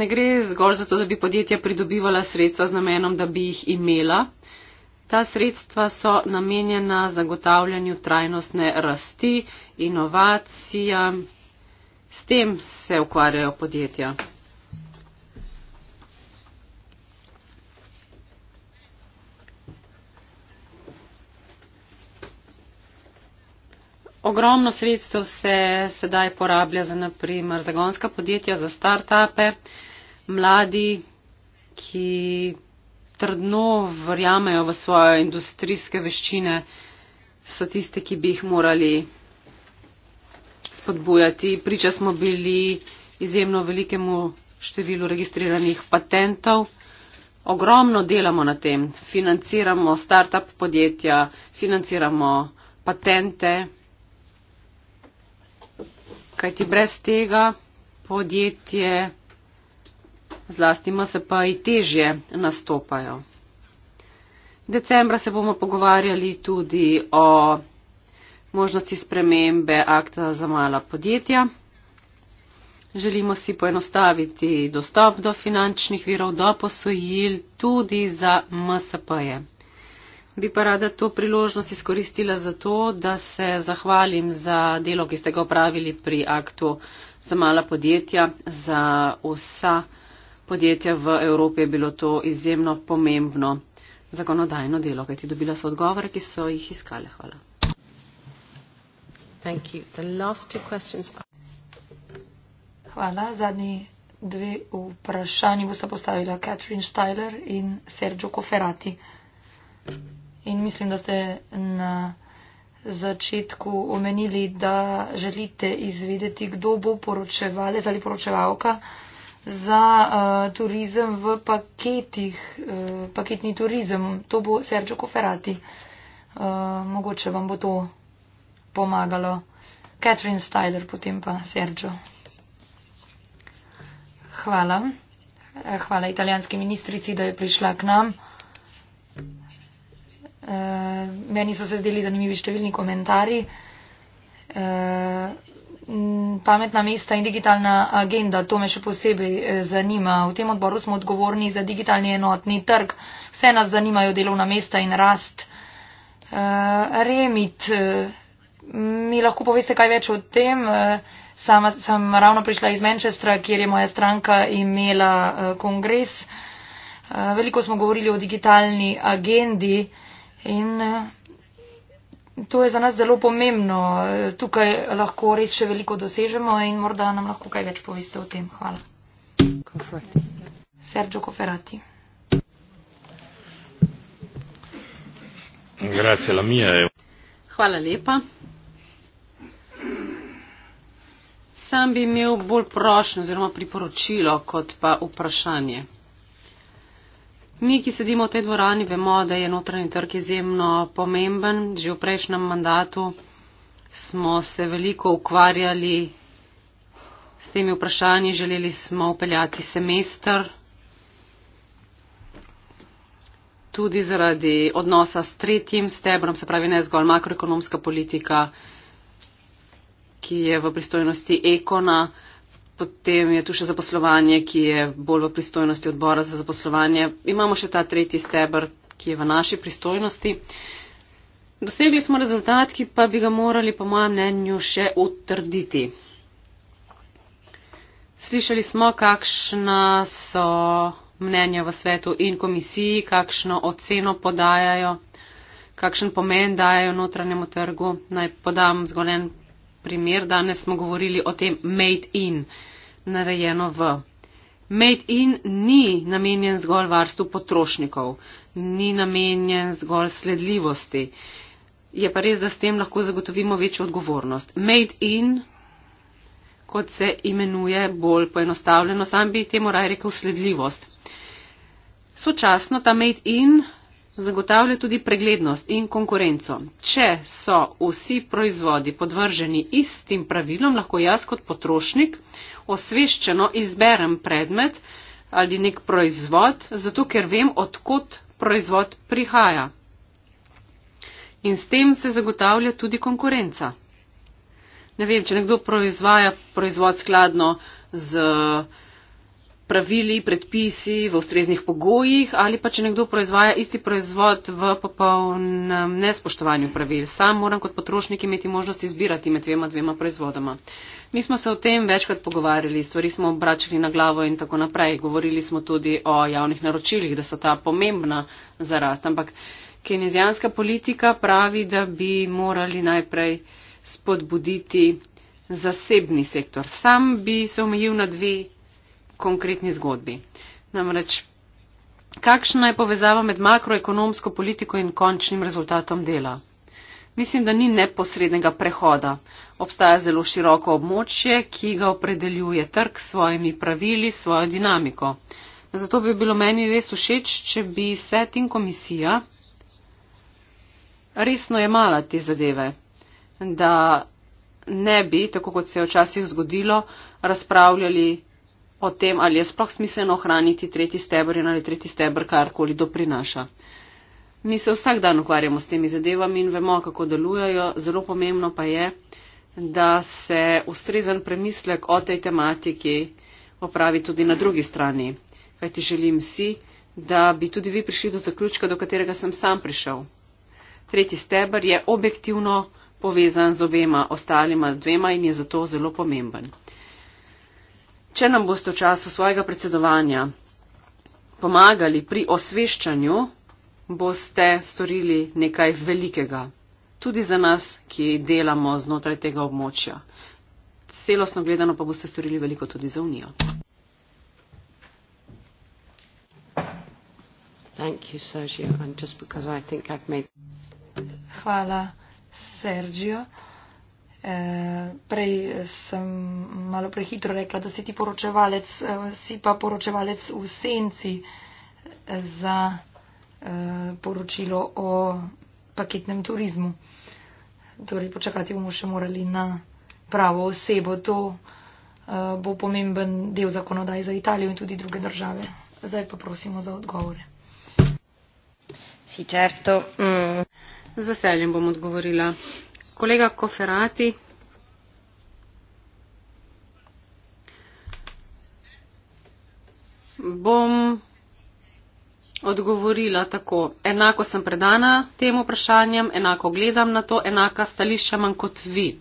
ne gre zgolj zato, da bi podjetja pridobivala sredstva z namenom, da bi jih imela. Ta sredstva so namenjena zagotavljanju trajnostne rasti, inovacija. S tem se ukvarjajo podjetja. Ogromno sredstev se sedaj porablja za naprimer zagonska podjetja, za start-upe. -e mladi, ki trdno verjamejo v svoje industrijske veščine, so tisti, ki bi jih morali spodbujati. Priča smo bili izjemno velikemu številu registriranih patentov. Ogromno delamo na tem. Financiramo start-up podjetja, financiramo patente. Kajti brez tega podjetje zlasti MSP-ji težje nastopajo. Decembra se bomo pogovarjali tudi o možnosti spremembe akta za mala podjetja. Želimo si poenostaviti dostop do finančnih virov, do posojil tudi za MSP-je. Bi pa rada to priložnost izkoristila za to, da se zahvalim za delo, ki ste ga opravili pri aktu za mala podjetja, za vsa podjetja podjetja v Evropi je bilo to izjemno pomembno zakonodajno delo, kajti dobila so odgovore, ki so jih iskale. Hvala. Hvala. Zadnji dve vprašanji boste postavila Catherine Steiler in Sergio Coferati. In mislim, da ste na začetku omenili, da želite izvedeti, kdo bo poročevalec ali poročevalka za uh, turizem v paketih, uh, paketni turizem. To bo Sergio Koferati. Uh, eh, mogoče vam bo to pomagalo. Catherine Styler, potem pa Sergio. Hvala. Hvala italijanski ministrici, da je prišla k nam. Uh, meni so se zdeli zanimivi številni komentarji. Uh, pametna mesta in digitalna agenda, to me še posebej e, zanima. V tem odboru smo odgovorni za digitalni enotni trg. Vse nas zanimajo delovna mesta in rast. E, Remit, e, mi lahko poveste kaj več o tem? Sama sem ravno prišla iz Manchestra, kjer je moja stranka imela kongres. Veliko smo govorili o digitalni agendi in To je za nas zelo pomembno. Tukaj lahko res še veliko dosežemo in morda nam lahko kaj več poveste o tem. Hvala. Sergio Coferati. Grazie, la mia è... Hvala lepa. Sam bi imel bolj prošnjo oziroma priporočilo kot pa vprašanje. Mi, ki sedimo v tej dvorani, vemo, da je notranji trg izjemno pomemben. Že v prejšnjem mandatu smo se veliko ukvarjali s temi vprašanji, želeli smo upeljati semester. Tudi zaradi odnosa s tretjim stebrom, se pravi ne zgolj makroekonomska politika, ki je v pristojnosti ekona, potem je tu še zaposlovanje, ki je bolj v pristojnosti odbora za zaposlovanje. Imamo še ta tretji stebr, ki je v naši pristojnosti. Dosegli smo rezultat, ki pa bi ga morali, po mojem mnenju, še utrditi. Slišali smo, kakšna so mnenja v svetu in komisiji, kakšno oceno podajajo, kakšen pomen dajajo notranjemu trgu. Naj podam zgolj en primer, danes smo govorili o tem made in, narejeno v. Made in ni namenjen zgolj varstvu potrošnikov, ni namenjen zgolj sledljivosti. Je pa res, da s tem lahko zagotovimo večjo odgovornost. Made in, kot se imenuje bolj poenostavljeno, sam bi temu raj rekel sledljivost. Sočasno ta made in zagotavlja tudi preglednost in konkurenco. Če so vsi proizvodi podvrženi istim pravilom, lahko jaz kot potrošnik osveščeno izberem predmet ali nek proizvod, zato ker vem, odkot proizvod prihaja. In s tem se zagotavlja tudi konkurenca. Ne vem, če nekdo proizvaja proizvod skladno z. Uh, pravili, predpisi, v ustreznih pogojih ali pa če nekdo proizvaja isti proizvod v popolnem nespoštovanju pravil. Sam moram kot potrošnik imeti možnost izbirati med dvema dvema proizvodoma. Mi smo se o tem večkrat pogovarjali, stvari smo obračali na glavo in tako naprej. Govorili smo tudi o javnih naročilih, da so ta pomembna za rast. Ampak kenezijanska politika pravi, da bi morali najprej spodbuditi zasebni sektor. Sam bi se omejil na dve konkretni zgodbi. Namreč, kakšna je povezava med makroekonomsko politiko in končnim rezultatom dela? Mislim, da ni neposrednega prehoda. Obstaja zelo široko območje, ki ga opredeljuje trg s svojimi pravili, svojo dinamiko. Zato bi bilo meni res všeč, če bi svet in komisija resno jemala te zadeve, da ne bi, tako kot se je včasih zgodilo, razpravljali o tem, ali je sploh smiselno ohraniti tretji stebr in ali tretji stebr karkoli doprinaša. Mi se vsak dan ukvarjamo s temi zadevami in vemo, kako delujejo. Zelo pomembno pa je, da se ustrezen premislek o tej tematiki opravi tudi na drugi strani. Kaj ti želim si, da bi tudi vi prišli do zaključka, do katerega sem sam prišel. Tretji stebr je objektivno povezan z obema ostalima dvema in je zato zelo pomemben če nam boste v času svojega predsedovanja pomagali pri osveščanju, boste storili nekaj velikega. Tudi za nas, ki delamo znotraj tega območja. Celostno gledano pa boste storili veliko tudi za Unijo. You, Hvala, Sergio. E, prej sem malo prehitro rekla, da si ti poročevalec, e, si pa poročevalec v senci eh, za e, poročilo o paketnem turizmu. Torej, počakati bomo še morali na pravo osebo. To e, bo pomemben del zakonodaj za Italijo in tudi druge države. Zdaj pa prosimo za odgovore. Si certo. Mm. Z veseljem bom odgovorila. Kolega Koferati. Bom odgovorila tako. Enako sem predana tem vprašanjem, enako gledam na to, enaka stališča manj kot vi.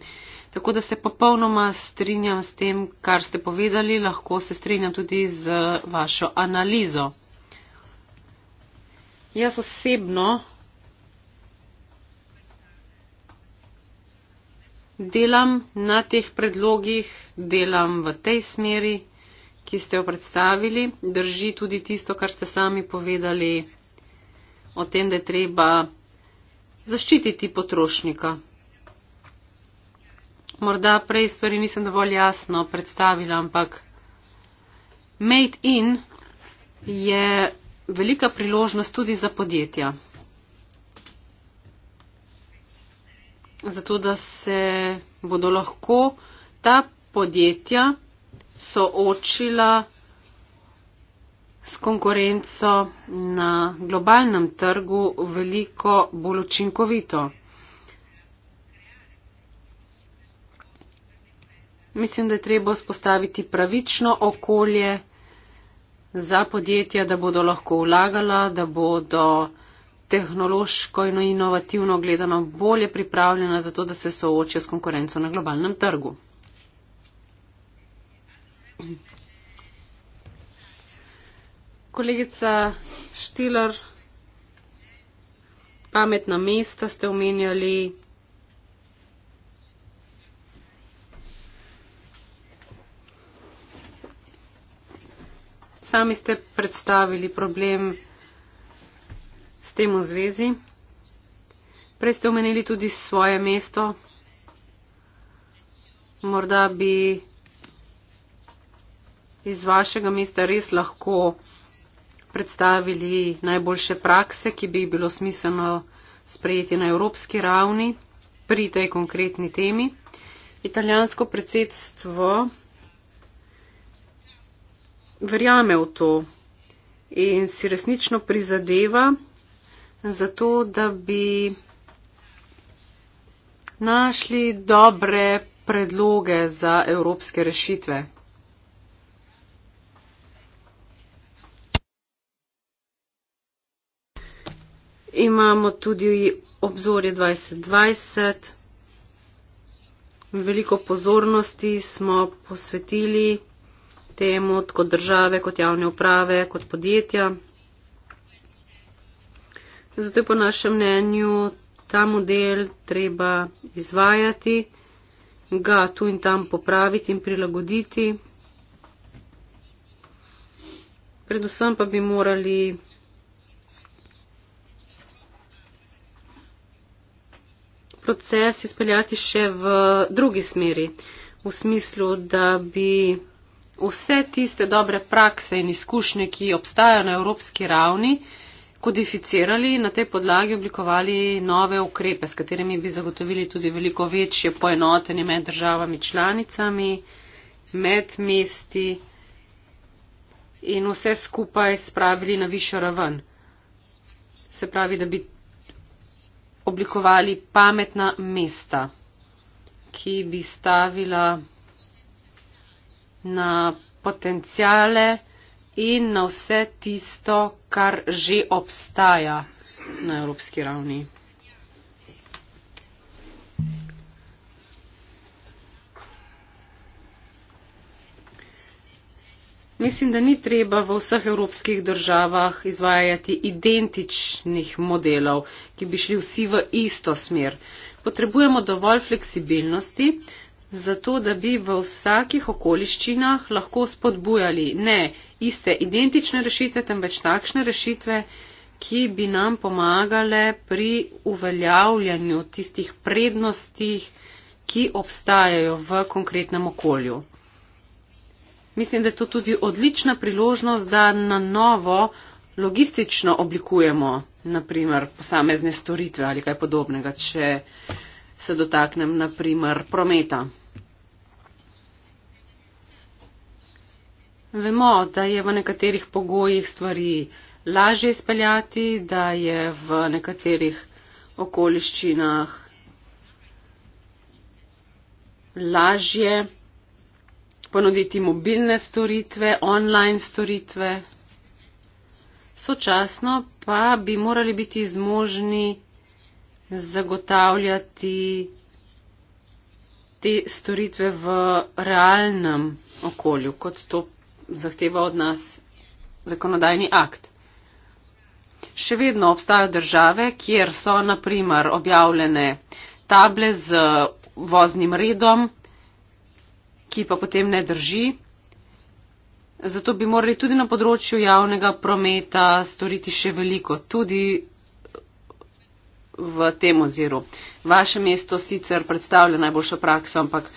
Tako da se popolnoma strinjam s tem, kar ste povedali, lahko se strinjam tudi z vašo analizo. Jaz osebno delam na teh predlogih, delam v tej smeri, ki ste jo predstavili. Drži tudi tisto, kar ste sami povedali o tem, da je treba zaščititi potrošnika. Morda prej stvari nisem dovolj jasno predstavila, ampak Made in je velika priložnost tudi za podjetja. zato da se bodo lahko ta podjetja soočila s konkurenco na globalnem trgu veliko bolj učinkovito. Mislim, da je treba spostaviti pravično okolje za podjetja, da bodo lahko vlagala, da bodo tehnološko in inovativno gledano bolje pripravljena za to, da se soočijo s konkurenco na globalnem trgu. Kolegica Štilar, pametna mesta ste omenjali. Sami ste predstavili problem tem v zvezi. Prej ste omenili tudi svoje mesto. Morda bi iz vašega mesta res lahko predstavili najboljše prakse, ki bi jih bilo smiselno sprejeti na evropski ravni pri tej konkretni temi. Italijansko predsedstvo verjame v to in si resnično prizadeva zato, da bi našli dobre predloge za evropske rešitve. Imamo tudi obzorje 2020. Veliko pozornosti smo posvetili temu, kot države, kot javne uprave, kot podjetja. Zato je po našem mnenju ta model treba izvajati, ga tu in tam popraviti in prilagoditi. Predvsem pa bi morali proces izpeljati še v drugi smeri, v smislu, da bi vse tiste dobre prakse in izkušnje, ki obstajajo na evropski ravni, kodificirali in na tej podlagi oblikovali nove ukrepe, s katerimi bi zagotovili tudi veliko večje poenotenje med državami članicami, med mesti in vse skupaj spravili na višjo raven. Se pravi, da bi oblikovali pametna mesta, ki bi stavila na potencijale in na vse tisto, kar že obstaja na evropski ravni. Mislim, da ni treba v vseh evropskih državah izvajati identičnih modelov, ki bi šli vsi v isto smer. Potrebujemo dovolj fleksibilnosti, zato da bi v vsakih okoliščinah lahko spodbujali ne iste identične rešitve, temveč takšne rešitve, ki bi nam pomagale pri uveljavljanju tistih prednosti, ki obstajajo v konkretnem okolju. Mislim, da je to tudi odlična priložnost, da na novo logistično oblikujemo, naprimer, posamezne storitve ali kaj podobnega. Če, uh, se dotaknem naprimer prometa. Vemo, da je v nekaterih pogojih stvari lažje izpeljati, da je v nekaterih okoliščinah lažje ponuditi mobilne storitve, online storitve. Sočasno pa bi morali biti zmožni zagotavljati te storitve v realnem okolju, kot to zahteva od nas zakonodajni akt. Še vedno obstajajo države, kjer so naprimer objavljene table z voznim redom, ki pa potem ne drži. Zato bi morali tudi na področju javnega prometa storiti še veliko, tudi v tem oziru. Vaše mesto sicer predstavlja najboljšo prakso, ampak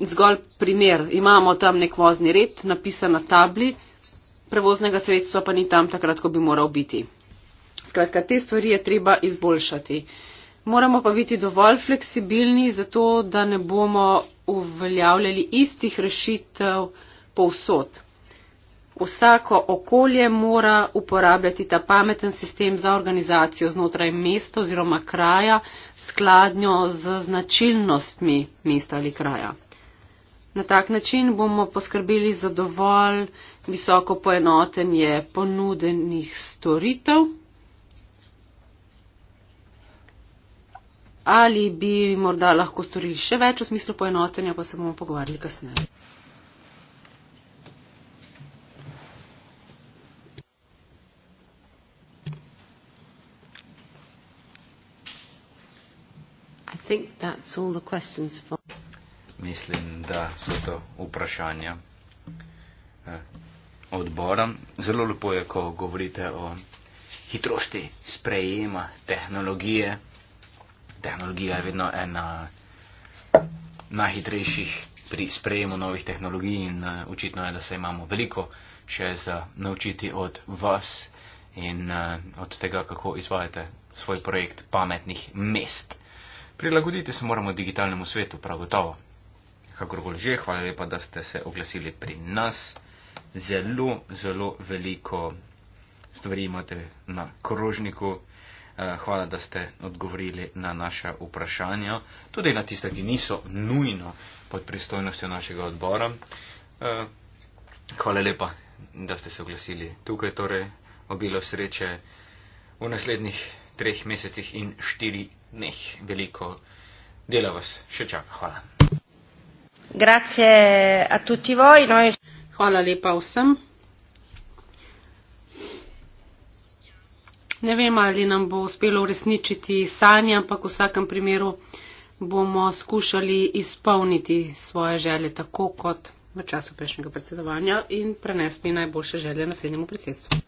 zgolj primer, imamo tam nek vozni red, napisan na tabli, prevoznega sredstva pa ni tam takrat, ko bi moral biti. Skratka, te stvari je treba izboljšati. Moramo pa biti dovolj fleksibilni, zato da ne bomo uveljavljali istih rešitev povsod vsako okolje mora uporabljati ta pameten sistem za organizacijo znotraj mesta oziroma kraja skladnjo z značilnostmi mesta ali kraja. Na tak način bomo poskrbeli za dovolj visoko poenotenje ponudenih storitev. Ali bi morda lahko storili še več v smislu poenotenja, pa se bomo pogovarjali kasneje. think that's all the questions for Mislim, da so to vprašanja eh, odbora. Zelo lepo je, ko govorite o hitrosti sprejema tehnologije. Tehnologija je vedno ena najhitrejših pri sprejemu novih tehnologij in eh, očitno je, da se imamo veliko še za naučiti od vas in eh, od tega, kako izvajate svoj projekt pametnih mest. Prilagoditi se moramo digitalnemu svetu, prav gotovo. Kakorkoli že, hvala lepa, da ste se oglasili pri nas. Zelo, zelo veliko stvari imate na krožniku. Eh, hvala, da ste odgovorili na naša vprašanja, tudi na tiste, ki niso nujno pod pristojnostjo našega odbora. Eh, hvala lepa, da ste se oglasili tukaj, torej obilo sreče v naslednjih treh mesecih in štiri dneh. Veliko dela vas še čaka. Hvala. Grazie a tutti voi. Noi... Hvala lepa vsem. Ne vem, ali nam bo uspelo uresničiti sanje, ampak v vsakem primeru bomo skušali izpolniti svoje želje tako kot v času prejšnjega predsedovanja in prenesti najboljše želje naslednjemu predsedstvu.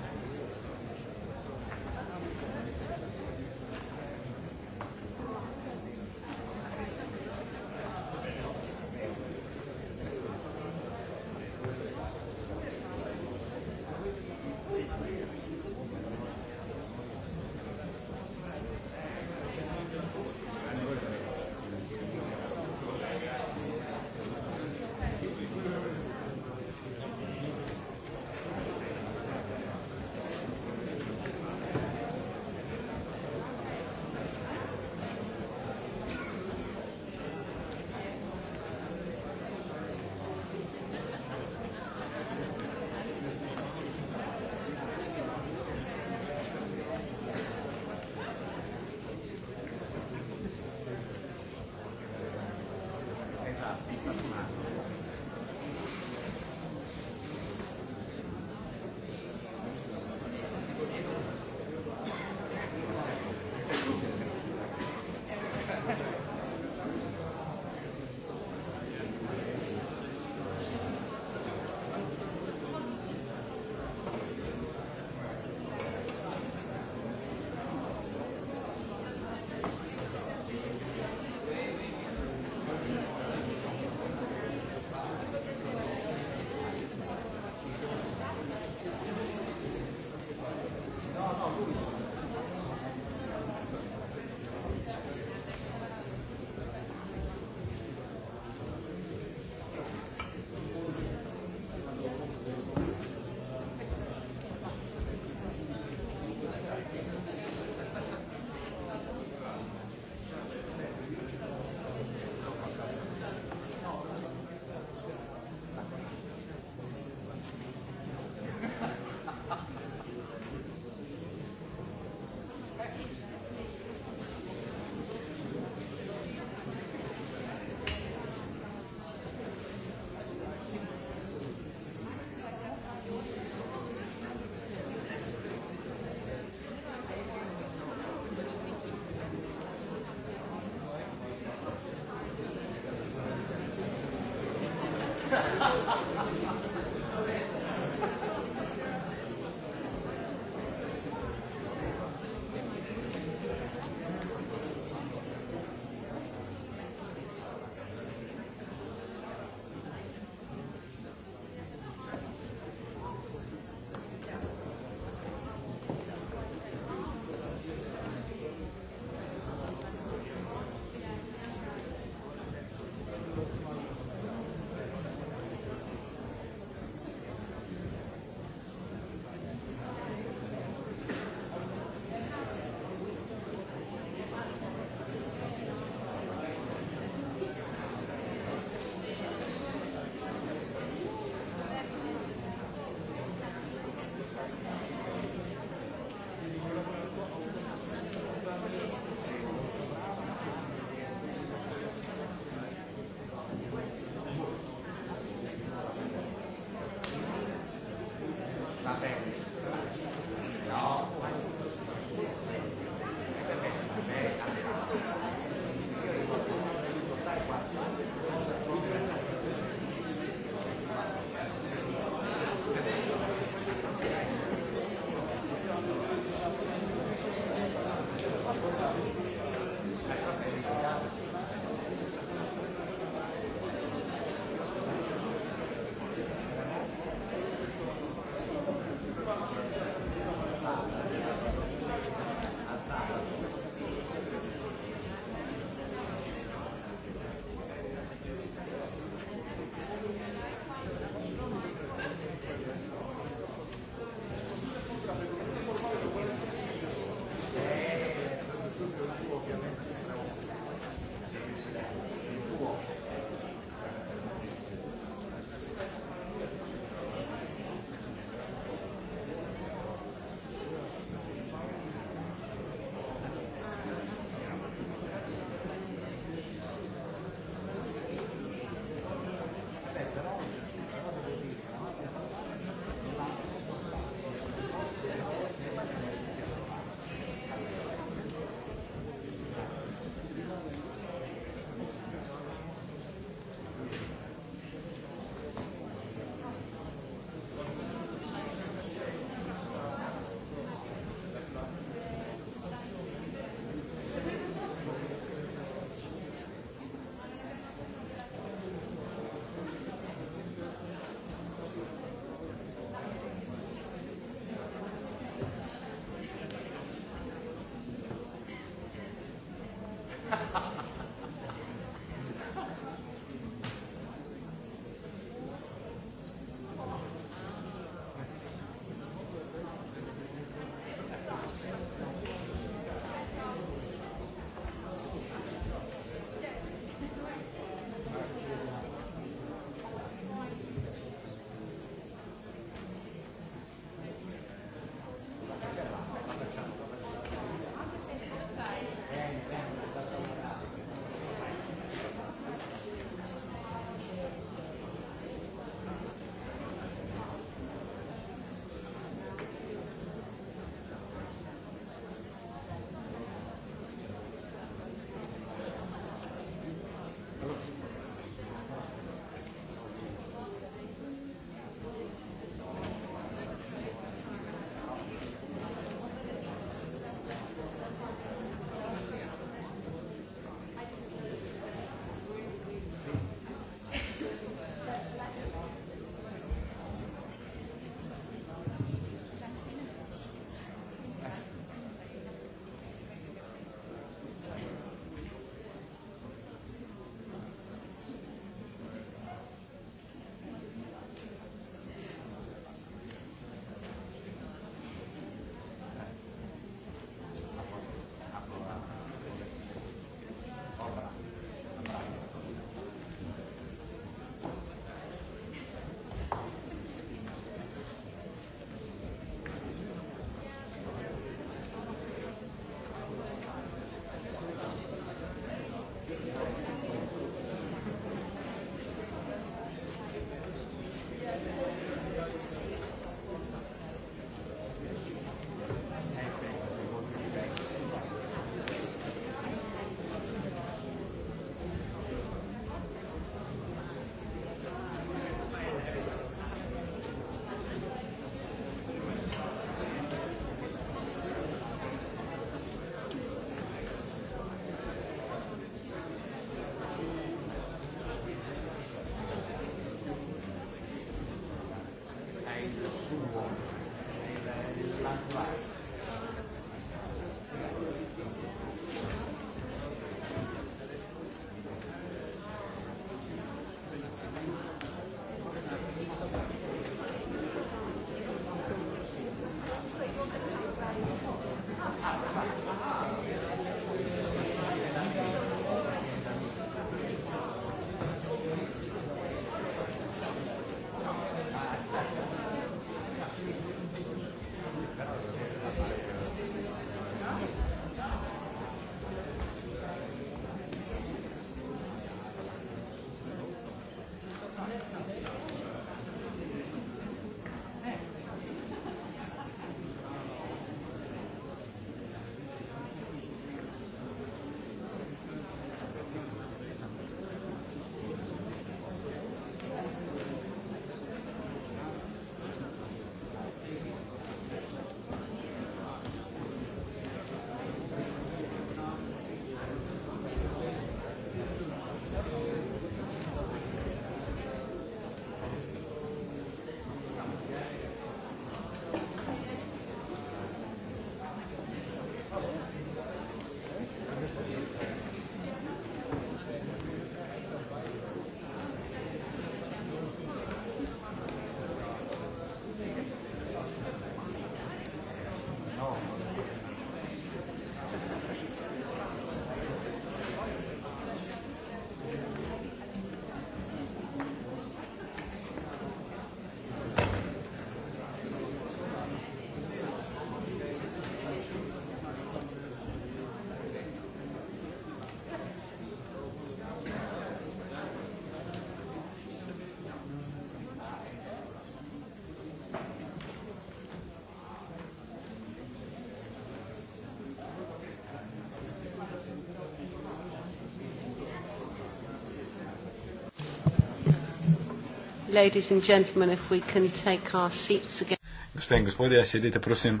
Ladies and gentlemen, if we can take our seats again. Gospe in gospodje, sedite prosim.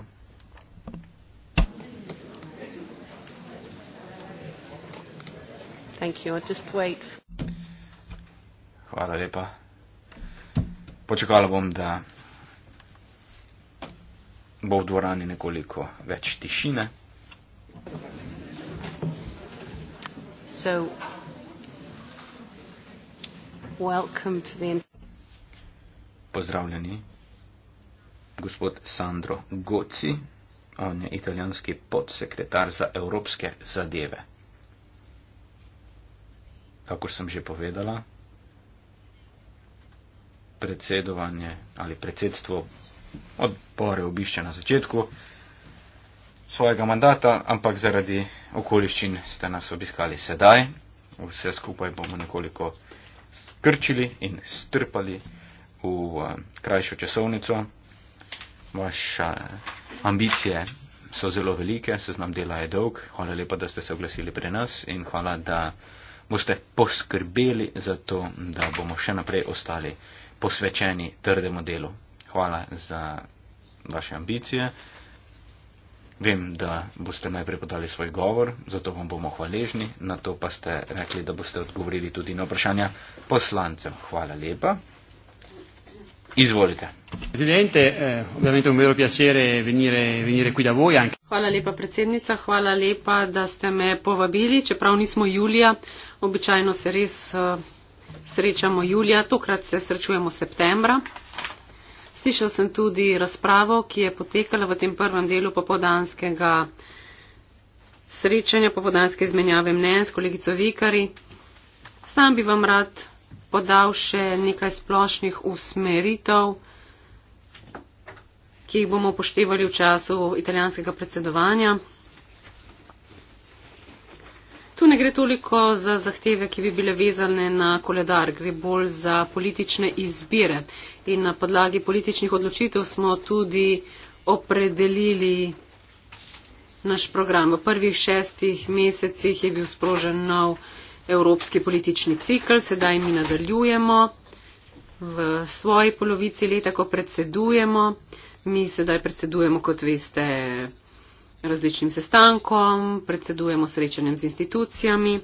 Thank you. I'll just wait. Hvala lepa. Počakala bom, da bo v dvorani nekoliko več tišine. So, welcome to the pozdravljeni gospod Sandro Goci, on je italijanski podsekretar za evropske zadeve. Kakor sem že povedala, predsedovanje ali predsedstvo odpore obišče na začetku svojega mandata, ampak zaradi okoliščin ste nas obiskali sedaj. Vse skupaj bomo nekoliko skrčili in strpali v eh, krajšo časovnico. Vaše ambicije so zelo velike, seznam dela je dolg. Hvala lepa, da ste se oglasili pri nas in hvala, da boste poskrbeli za to, da bomo še naprej ostali posvečeni trdemu delu. Hvala za vaše ambicije. Vem, da boste najprej podali svoj govor, zato vam bomo hvaležni, na to pa ste rekli, da boste odgovorili tudi na vprašanja poslancev. Hvala lepa izvolite. Presidente, eh, ovviamente è un vero piacere venire, venire qui da voi anche. Hvala lepa predsednica, hvala lepa, da ste me povabili, čeprav nismo julija, običajno se res uh, srečamo julija, tokrat se srečujemo septembra. Slišal sem tudi razpravo, ki je potekala v tem prvem delu popodanskega srečanja, popodanske izmenjave mnen s kolegico Vikari. Sam bi vam rad podal še nekaj splošnih usmeritev, ki jih bomo poštevali v času italijanskega predsedovanja. Tu ne gre toliko za zahteve, ki bi bile vezane na koledar, gre bolj za politične izbire. In na podlagi političnih odločitev smo tudi opredelili naš program. V prvih šestih mesecih je bil sprožen nov evropski politični cikl. Sedaj mi nadaljujemo v svoji polovici leta, ko predsedujemo. Mi sedaj predsedujemo, kot veste, različnim sestankom, predsedujemo srečanjem z institucijami.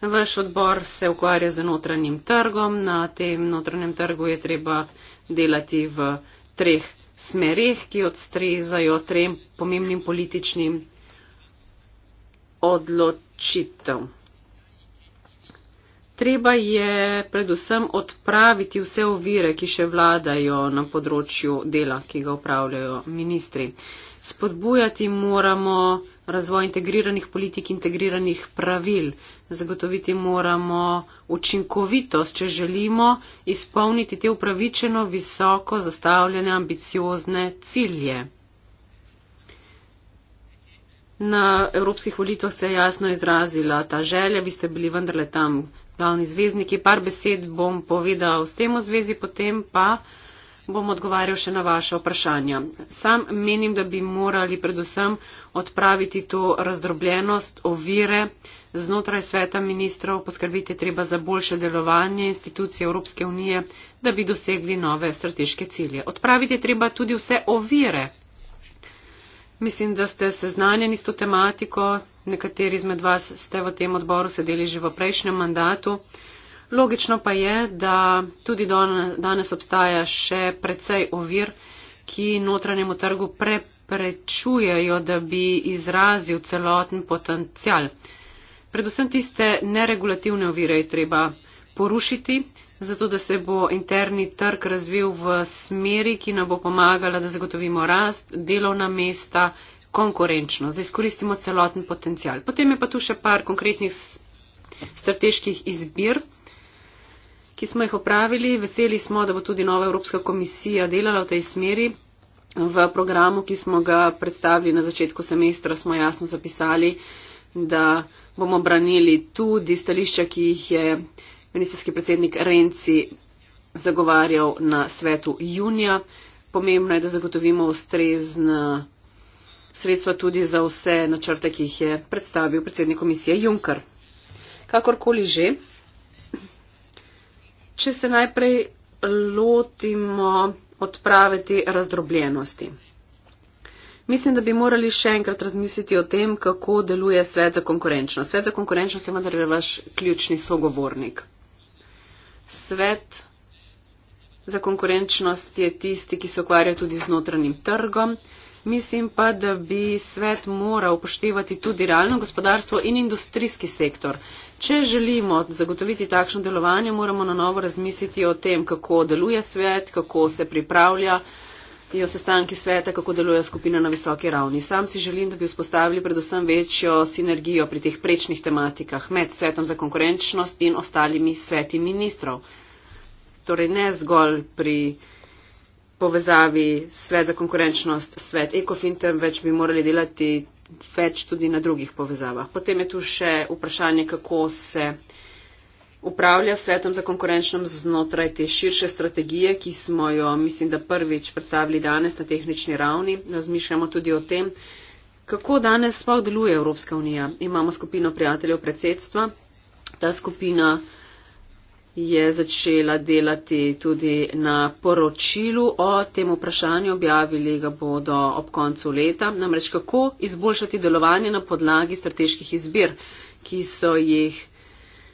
Vaš odbor se ukvarja z notranjim trgom. Na tem notranjem trgu je treba delati v treh smerih, ki odstrezajo trem pomembnim političnim odločitvam. Treba je predvsem odpraviti vse ovire, ki še vladajo na področju dela, ki ga upravljajo ministri. Spodbujati moramo razvoj integriranih politik, integriranih pravil. Zagotoviti moramo učinkovitost, če želimo izpolniti te upravičeno visoko zastavljene ambiciozne cilje. Na evropskih volitvah se je jasno izrazila ta želja, vi ste bili vendarle tam glavni zvezdniki. Par besed bom povedal s tem v zvezi, potem pa bom odgovarjal še na vaše vprašanja. Sam menim, da bi morali predvsem odpraviti to razdrobljenost, ovire znotraj sveta ministrov, poskrbiti treba za boljše delovanje institucij Evropske unije, da bi dosegli nove strateške cilje. Odpraviti treba tudi vse ovire. Mislim, da ste seznanjeni s to tematiko, nekateri izmed vas ste v tem odboru sedeli že v prejšnjem mandatu. Logično pa je, da tudi danes obstaja še precej ovir, ki notranjemu trgu preprečujejo, da bi izrazil celoten potencial. Predvsem tiste neregulativne ovire je treba porušiti, zato da se bo interni trg razvil v smeri, ki nam bo pomagala, da zagotovimo rast, delovna mesta, konkurenčnost, da izkoristimo celoten potencial. Potem je pa tu še par konkretnih strateških izbir, ki smo jih opravili. Veseli smo, da bo tudi nova Evropska komisija delala v tej smeri. V programu, ki smo ga predstavili na začetku semestra, smo jasno zapisali, da bomo branili tudi stališča, ki jih je ministerski predsednik Renci zagovarjal na svetu junija. Pomembno je, da zagotovimo ustrezna sredstva tudi za vse načrte, ki jih je predstavil predsednik komisije Juncker. Kakorkoli že, če se najprej lotimo odprave te razdrobljenosti. Mislim, da bi morali še enkrat razmisliti o tem, kako deluje svet za konkurenčnost. Svet za konkurenčnost je vendar vaš ključni sogovornik. Svet za konkurenčnost je tisti, ki se ukvarja tudi z notranjim trgom. Mislim pa, da bi svet moral upoštevati tudi realno gospodarstvo in industrijski sektor. Če želimo zagotoviti takšno delovanje, moramo na novo razmisliti o tem, kako deluje svet, kako se pripravlja jo sestanki sveta, kako deluje skupina na visoki ravni. Sam si želim, da bi vzpostavili predvsem večjo sinergijo pri teh prečnih tematikah med svetom za konkurenčnost in ostalimi sveti ministrov. Torej ne zgolj pri povezavi svet za konkurenčnost, svet ekofin, temveč bi morali delati več tudi na drugih povezavah. Potem je tu še vprašanje, kako se upravlja svetom za konkurenčnost znotraj te širše strategije, ki smo jo, mislim, da prvič predstavili danes na tehnični ravni. Razmišljamo tudi o tem, kako danes sploh deluje Evropska unija. Imamo skupino prijateljev predsedstva, ta skupina je začela delati tudi na poročilu o tem vprašanju, objavili ga bodo ob koncu leta, namreč kako izboljšati delovanje na podlagi strateških izbir, ki so jih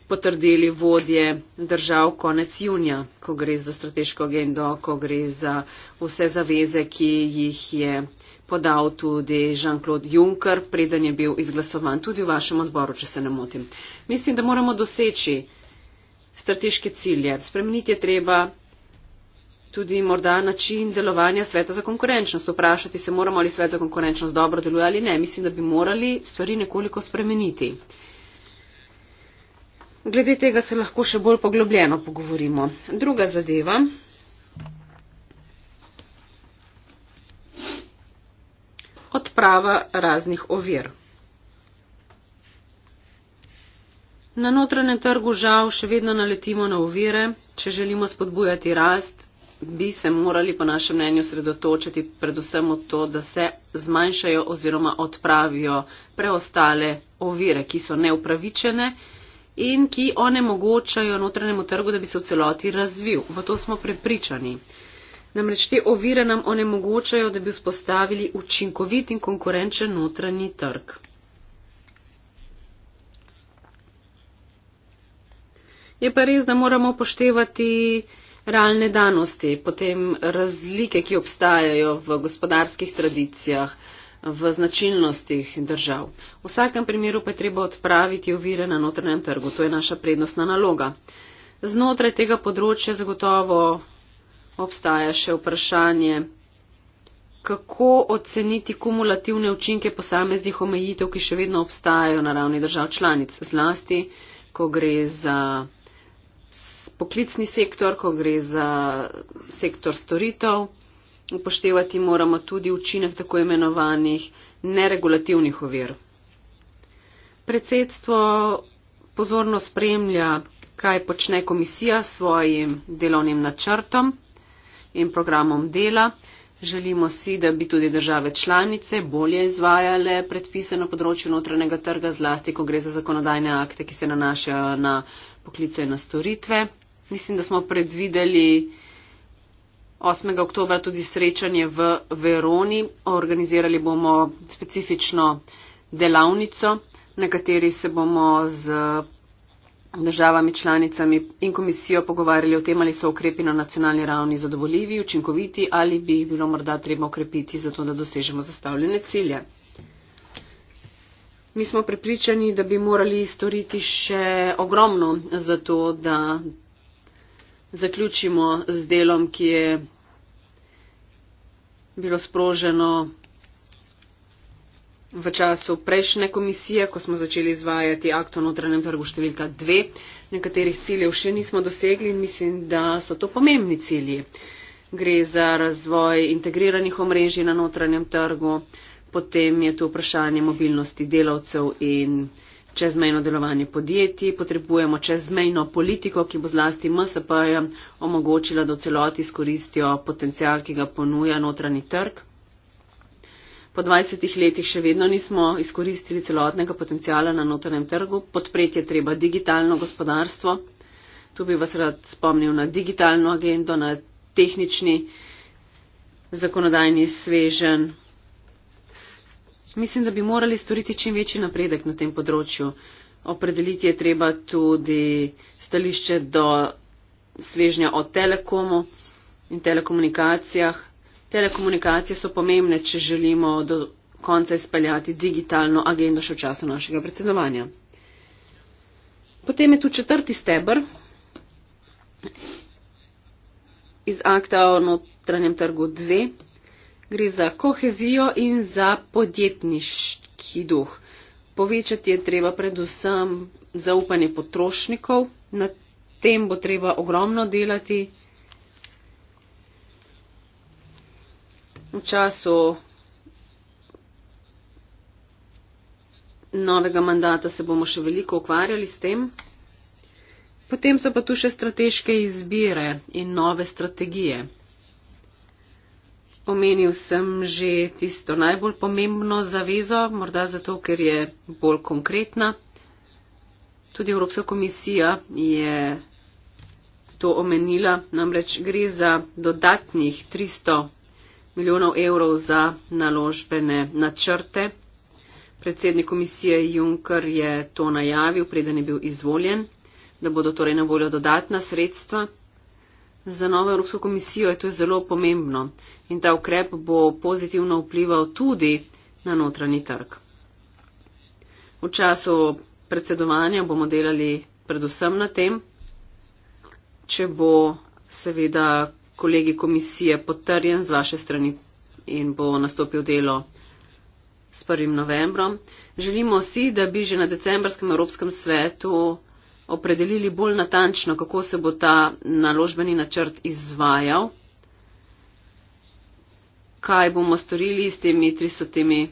potrdili vodje držav konec junija, ko gre za strateško agendo, ko gre za vse zaveze, ki jih je podal tudi Jean-Claude Juncker, preden je bil izglasovan tudi v vašem odboru, če se ne motim. Mislim, da moramo doseči strateške cilje. Spremeniti je treba tudi morda način delovanja sveta za konkurenčnost. Vprašati se moramo, ali svet za konkurenčnost dobro deluje ali ne. Mislim, da bi morali stvari nekoliko spremeniti. Glede tega se lahko še bolj poglobljeno pogovorimo. Druga zadeva. Odprava raznih ovir. Na notranjem trgu žal še vedno naletimo na uvire, če želimo spodbujati rast, bi se morali po našem mnenju sredotočiti predvsem v to, da se zmanjšajo oziroma odpravijo preostale ovire, ki so neupravičene in ki onemogočajo notranjemu trgu, da bi se v celoti razvil. V to smo prepričani. Namreč te ovire nam onemogočajo, da bi vzpostavili učinkovit in konkurenčen notranji trg. Je pa res, da moramo poštevati realne danosti, potem razlike, ki obstajajo v gospodarskih tradicijah, v značilnostih držav. V vsakem primeru pa je treba odpraviti ovire na notranjem trgu. To je naša prednostna naloga. Znotraj tega področja zagotovo obstaja še vprašanje, kako oceniti kumulativne učinke posameznih omejitev, ki še vedno obstajajo na ravni držav članic, zlasti, ko gre za poklicni sektor, ko gre za sektor storitev, upoštevati moramo tudi učinek tako imenovanih neregulativnih ovir. Predsedstvo pozorno spremlja, kaj počne komisija s svojim delovnim načrtom in programom dela. Želimo si, da bi tudi države članice bolje izvajale predpise na področju notranjega trga, zlasti ko gre za zakonodajne akte, ki se nanašajo na poklice in na storitve mislim, da smo predvideli 8. oktober tudi srečanje v Veroni. Organizirali bomo specifično delavnico, na kateri se bomo z državami članicami in komisijo pogovarjali o tem, ali so ukrepi na nacionalni ravni zadovoljivi, učinkoviti ali bi jih bilo morda treba ukrepiti, zato da dosežemo zastavljene cilje. Mi smo prepričani, da bi morali storiti še ogromno za to, da zaključimo z delom, ki je bilo sproženo v času prejšnje komisije, ko smo začeli izvajati akt o notranjem trgu številka 2. Nekaterih ciljev še nismo dosegli in mislim, da so to pomembni cilji. Gre za razvoj integriranih omrežij na notranjem trgu, potem je tu vprašanje mobilnosti delavcev in čezmejno delovanje podjetij, potrebujemo čezmejno politiko, ki bo zlasti MSP-jem omogočila, da v celoti izkoristijo potencial, ki ga ponuja notranji trg. Po 20 letih še vedno nismo izkoristili celotnega potencijala na notranjem trgu, podpreti je treba digitalno gospodarstvo. Tu bi vas rad spomnil na digitalno agendo, na tehnični zakonodajni svežen Mislim, da bi morali storiti čim večji napredek na tem področju. Opredeliti je treba tudi stališče do svežnja o telekomu in telekomunikacijah. Telekomunikacije so pomembne, če želimo do konca izpeljati digitalno agendo še v času našega predsedovanja. Potem je tu četrti stebr iz akta o notranjem trgu 2 gre za kohezijo in za podjetniški duh. Povečati je treba predvsem zaupanje potrošnikov, na tem bo treba ogromno delati. V času novega mandata se bomo še veliko ukvarjali s tem. Potem so pa tu še strateške izbire in nove strategije. Omenil sem že tisto najbolj pomembno zavezo, morda zato, ker je bolj konkretna. Tudi Evropska komisija je to omenila, namreč gre za dodatnih 300 milijonov evrov za naložbene načrte. Predsednik komisije Juncker je to najavil, preden je bil izvoljen, da bodo torej na voljo dodatna sredstva. Za novo Evropsko komisijo je to zelo pomembno in ta ukrep bo pozitivno vplival tudi na notranji trg. V času predsedovanja bomo delali predvsem na tem, če bo seveda kolegi komisije potrjen z vaše strani in bo nastopil delo s 1. novembrom. Želimo si, da bi že na decembrskem Evropskem svetu opredelili bolj natančno, kako se bo ta naložbeni načrt izvajal, kaj bomo storili s temi 300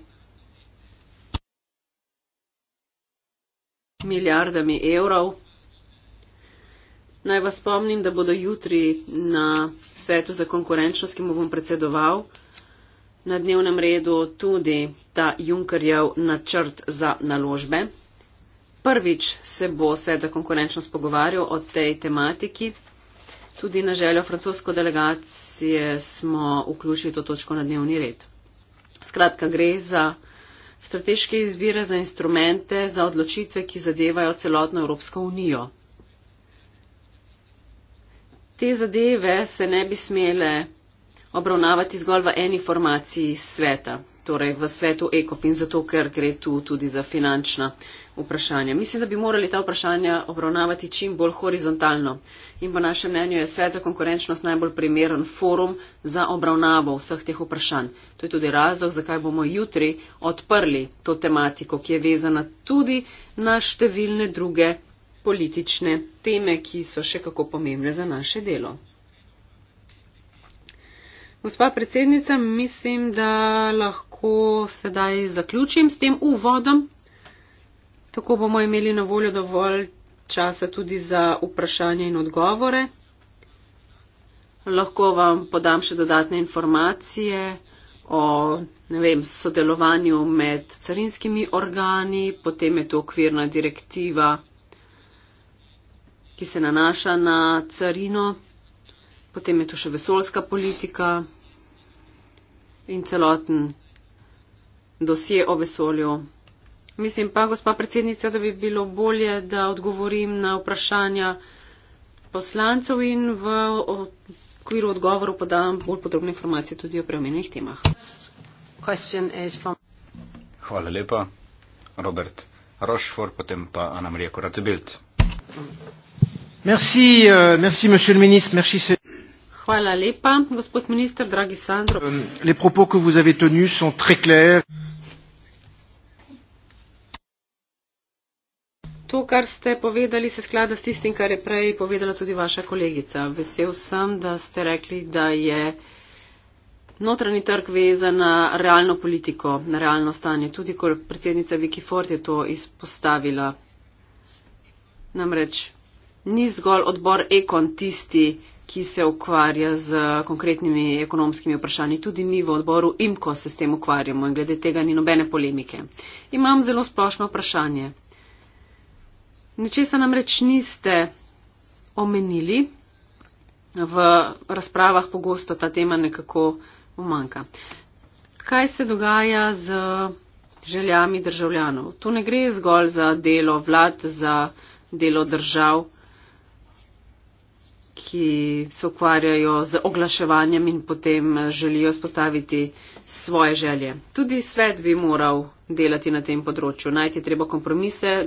milijardami evrov. Naj vas spomnim, da bodo jutri na svetu za konkurenčnost, ki mu bom predsedoval, na dnevnem redu tudi ta Junkerjev načrt za naložbe prvič se bo svet za konkurenčnost pogovarjal o tej tematiki. Tudi na željo francosko delegacije smo vključili to točko na dnevni red. Skratka, gre za strateške izbire, za instrumente, za odločitve, ki zadevajo celotno Evropsko unijo. Te zadeve se ne bi smele obravnavati zgolj v eni formaciji sveta, torej v svetu ECOP in zato, ker gre tu tudi za finančna vprašanja. Mislim, da bi morali ta vprašanja obravnavati čim bolj horizontalno. In po našem mnenju je svet za konkurenčnost najbolj primeren forum za obravnavo vseh teh vprašanj. To je tudi razlog, zakaj bomo jutri odprli to tematiko, ki je vezana tudi na številne druge politične teme, ki so še kako pomembne za naše delo. Gospa predsednica, mislim, da lahko sedaj zaključim s tem uvodom. Tako bomo imeli na voljo dovolj časa tudi za vprašanje in odgovore. Lahko vam podam še dodatne informacije o vem, sodelovanju med carinskimi organi, potem je tu okvirna direktiva, ki se nanaša na carino, potem je tu še vesolska politika in celoten dosje o vesolju. Mislim pa, gospa predsednica, da bi bilo bolje, da odgovorim na vprašanja poslancev in v okviru odgovoru podam bolj podrobne informacije tudi o preomenjenih temah. From... Hvala lepa. Robert Rošfor, potem pa Ana Marija Koratebilt. Merci, uh, merci, monsieur le ministre, merci. Se... Hvala lepa, gospod minister, dragi Sandro. Um, les propos, ki vous avez tenus, sont très clairs. to, kar ste povedali, se sklada s tistim, kar je prej povedala tudi vaša kolegica. Vesel sem, da ste rekli, da je notranji trg vezan na realno politiko, na realno stanje. Tudi predsednica Viki Ford je to izpostavila. Namreč ni zgolj odbor Ekon tisti, ki se ukvarja z konkretnimi ekonomskimi vprašanji. Tudi mi v odboru Imko se s tem ukvarjamo in glede tega ni nobene polemike. Imam zelo splošno vprašanje. Ničesa namreč niste omenili, v razpravah pogosto ta tema nekako umanka. Kaj se dogaja z željami državljanov? To ne gre zgolj za delo vlad, za delo držav, ki se ukvarjajo z oglaševanjem in potem želijo spostaviti svoje želje. Tudi svet bi moral delati na tem področju, najti treba kompromise,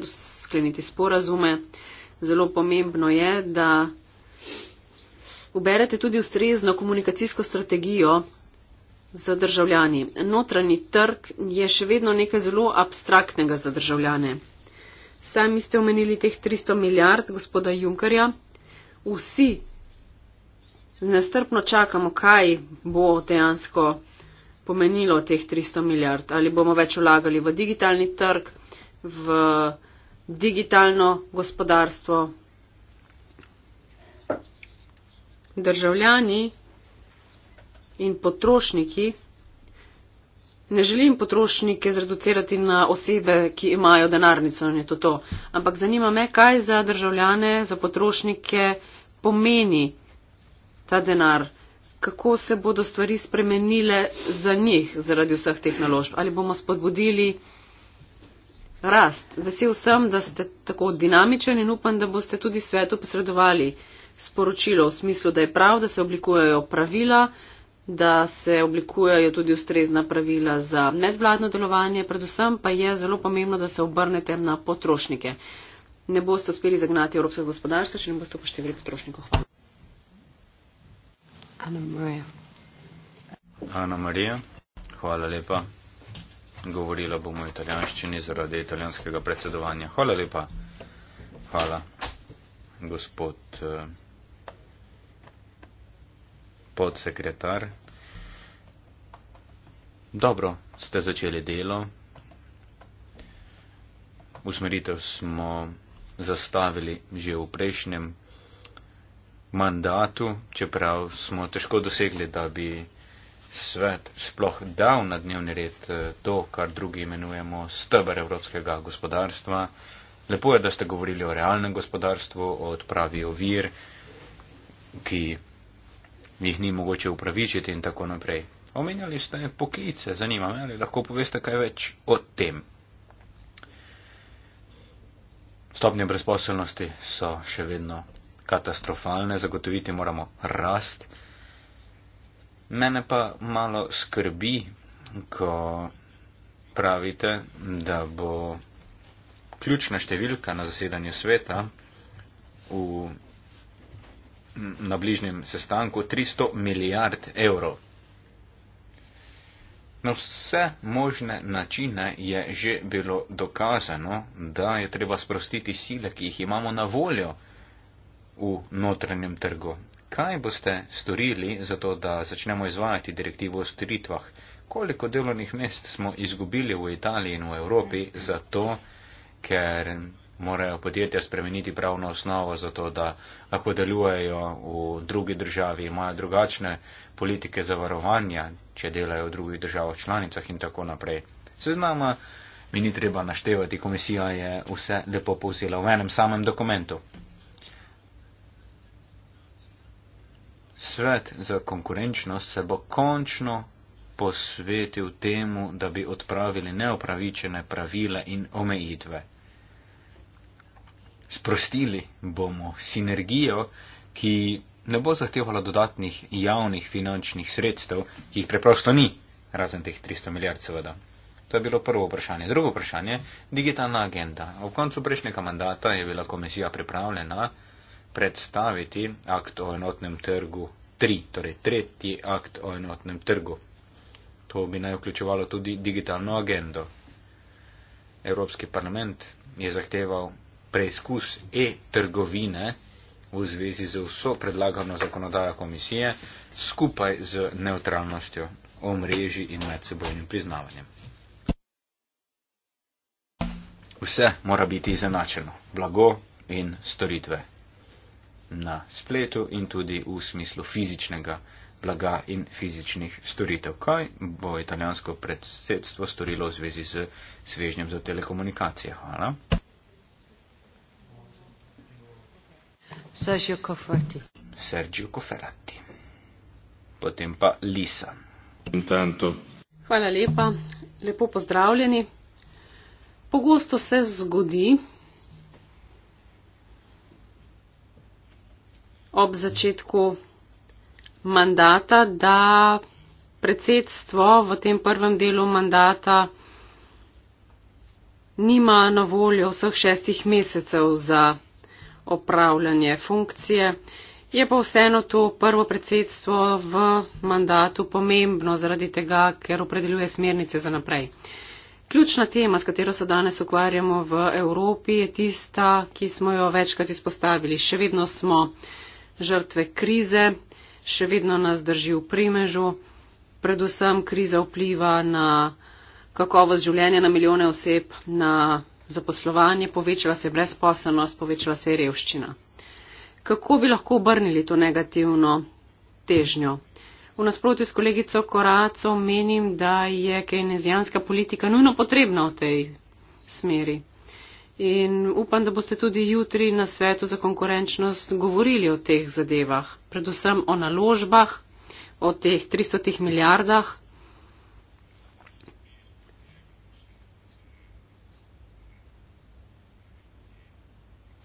skleniti sporazume. Zelo pomembno je, da uberete tudi ustrezno komunikacijsko strategijo za državljani. Notranji trg je še vedno nekaj zelo abstraktnega za državljane. Sami ste omenili teh 300 milijard gospoda Junkerja. Vsi nestrpno čakamo, kaj bo dejansko pomenilo teh 300 milijard. Ali bomo več vlagali v digitalni trg, v digitalno gospodarstvo. Državljani in potrošniki, ne želim potrošnike zreducirati na osebe, ki imajo denarnico, ne to to, ampak zanima me, kaj za državljane, za potrošnike pomeni ta denar, kako se bodo stvari spremenile za njih zaradi vseh teh naložb, ali bomo spodbudili rast. Vesel sem, da ste tako dinamičen in upam, da boste tudi svetu posredovali sporočilo v smislu, da je prav, da se oblikujejo pravila, da se oblikujejo tudi ustrezna pravila za medvladno delovanje, predvsem pa je zelo pomembno, da se obrnete na potrošnike. Ne boste uspeli zagnati evropskega gospodarstva, če ne boste upoštevali potrošnikov. Hvala. Ana Marija. Ana Marija, hvala lepa govorila bomo v italijanščini zaradi italijanskega predsedovanja. Hvala lepa. Hvala, gospod eh, podsekretar. Dobro, ste začeli delo. Usmeritev smo zastavili že v prejšnjem mandatu, čeprav smo težko dosegli, da bi svet sploh dal na dnevni red eh, to, kar drugi imenujemo stebr evropskega gospodarstva. Lepo je, da ste govorili o realnem gospodarstvu, o odpravi ovir, ki jih ni mogoče upravičiti in tako naprej. Omenjali ste poklice, zanima me, ali lahko poveste kaj več o tem. Stopnje brezposelnosti so še vedno katastrofalne, zagotoviti moramo rast. Mene pa malo skrbi, ko pravite, da bo ključna številka na zasedanju sveta v, na bližnjem sestanku 300 milijard evrov. Na vse možne načine je že bilo dokazano, da je treba sprostiti sile, ki jih imamo na voljo v notranjem trgu kaj boste storili za to, da začnemo izvajati direktivo o storitvah? Koliko delovnih mest smo izgubili v Italiji in v Evropi zato, ker morajo podjetja spremeniti pravno osnovo za to, da lahko delujejo v drugi državi, imajo drugačne politike zavarovanja, če delajo v drugih državah članicah in tako naprej. Se znama, mi ni treba naštevati, komisija je vse lepo povzela v enem samem dokumentu. svet za konkurenčnost se bo končno posvetil temu, da bi odpravili neopravičene pravile in omejitve. Sprostili bomo sinergijo, ki ne bo zahtevala dodatnih javnih finančnih sredstev, ki jih preprosto ni, razen teh 300 milijard seveda. To je bilo prvo vprašanje. Drugo vprašanje, digitalna agenda. Ob koncu prejšnjega mandata je bila komisija pripravljena predstaviti akt o enotnem trgu tri, torej tretji akt o enotnem trgu. To bi naj vključevalo tudi digitalno agendo. Evropski parlament je zahteval preizkus e-trgovine v zvezi z vso predlagano zakonodajo komisije skupaj z neutralnostjo o mreži in medsebojnim priznavanjem. Vse mora biti izenačeno, blago in storitve na spletu in tudi v smislu fizičnega blaga in fizičnih storitev. Kaj bo italijansko predsedstvo storilo v zvezi z svežnjem za telekomunikacije? Hvala. Sergio Cofferati. Sergio Cofferati. Potem pa Lisa. Intanto. Hvala lepa, lepo pozdravljeni. Pogosto se zgodi, ob začetku mandata, da predsedstvo v tem prvem delu mandata nima na voljo vseh šestih mesecev za opravljanje funkcije. Je pa vseeno to prvo predsedstvo v mandatu pomembno zaradi tega, ker opredeljuje smernice za naprej. Ključna tema, s katero se danes ukvarjamo v Evropi, je tista, ki smo jo večkrat izpostavili. Še vedno smo žrtve krize, še vedno nas drži v primežu. Predvsem kriza vpliva na kakovost življenja na milijone oseb, na zaposlovanje, povečala se je brezposelnost, povečala se je revščina. Kako bi lahko obrnili to negativno težnjo? V nasprotju s kolegico Koraco menim, da je kejnezijanska politika nujno potrebna v tej smeri in upam, da boste tudi jutri na svetu za konkurenčnost govorili o teh zadevah, predvsem o naložbah, o teh 300 milijardah.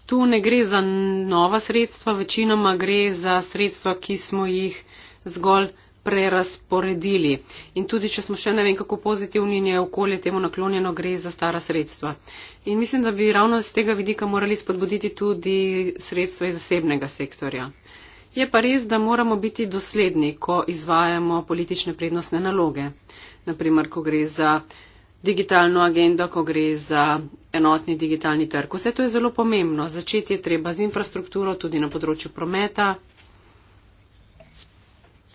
Tu ne gre za nova sredstva, večinoma gre za sredstva, ki smo jih zgolj prerasporedili. In tudi, če smo še ne vem, kako pozitivni je okolje temu naklonjeno, gre za stara sredstva. In mislim, da bi ravno z tega vidika morali spodbuditi tudi sredstva iz zasebnega sektorja. Je pa res, da moramo biti dosledni, ko izvajamo politične prednostne naloge. Naprimer, ko gre za digitalno agendo, ko gre za enotni digitalni trg. Vse to je zelo pomembno. Začeti je treba z infrastrukturo tudi na področju prometa,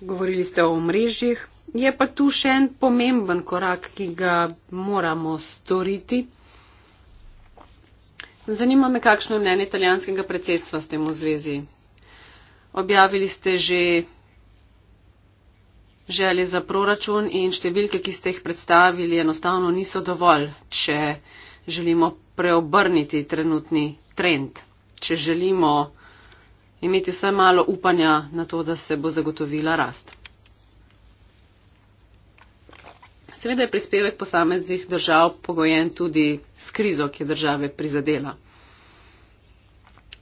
Govorili ste o mrežjih, je pa tu še en pomemben korak, ki ga moramo storiti. Zanima me, kakšno mnenje italijanskega predsedstva s tem v zvezi. Objavili ste že želje za proračun in številke, ki ste jih predstavili, enostavno niso dovolj, če želimo preobrniti trenutni trend. Če želimo imeti vse malo upanja na to, da se bo zagotovila rast. Seveda je prispevek posameznih držav pogojen tudi s krizo, ki je države prizadela.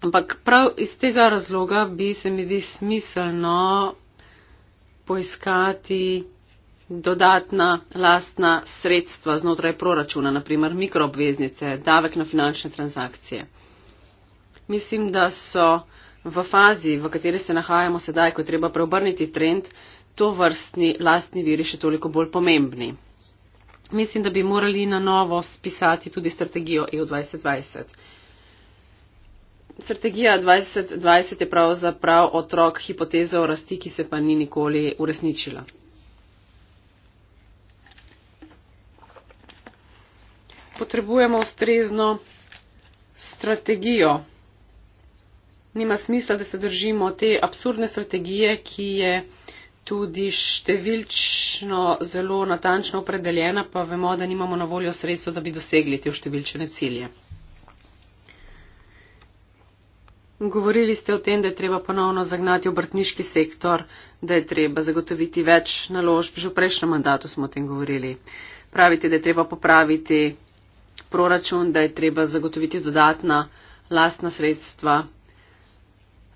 Ampak prav iz tega razloga bi se mi zdi smiselno poiskati dodatna lastna sredstva znotraj proračuna, naprimer mikroobveznice, davek na finančne transakcije. Mislim, da so v fazi, v kateri se nahajamo sedaj, ko treba preobrniti trend, to vrstni lastni viri še toliko bolj pomembni. Mislim, da bi morali na novo spisati tudi strategijo EU 2020. Strategija 2020 je pravzaprav otrok hipoteze o rasti, ki se pa ni nikoli uresničila. Potrebujemo ustrezno strategijo nima smisla, da se držimo te absurdne strategije, ki je tudi številčno zelo natančno opredeljena, pa vemo, da nimamo na voljo sredstva, da bi dosegli te številčne cilje. Govorili ste o tem, da je treba ponovno zagnati obrtniški sektor, da je treba zagotoviti več naložb. Že v prejšnjem mandatu smo o tem govorili. Pravite, da je treba popraviti proračun, da je treba zagotoviti dodatna lastna sredstva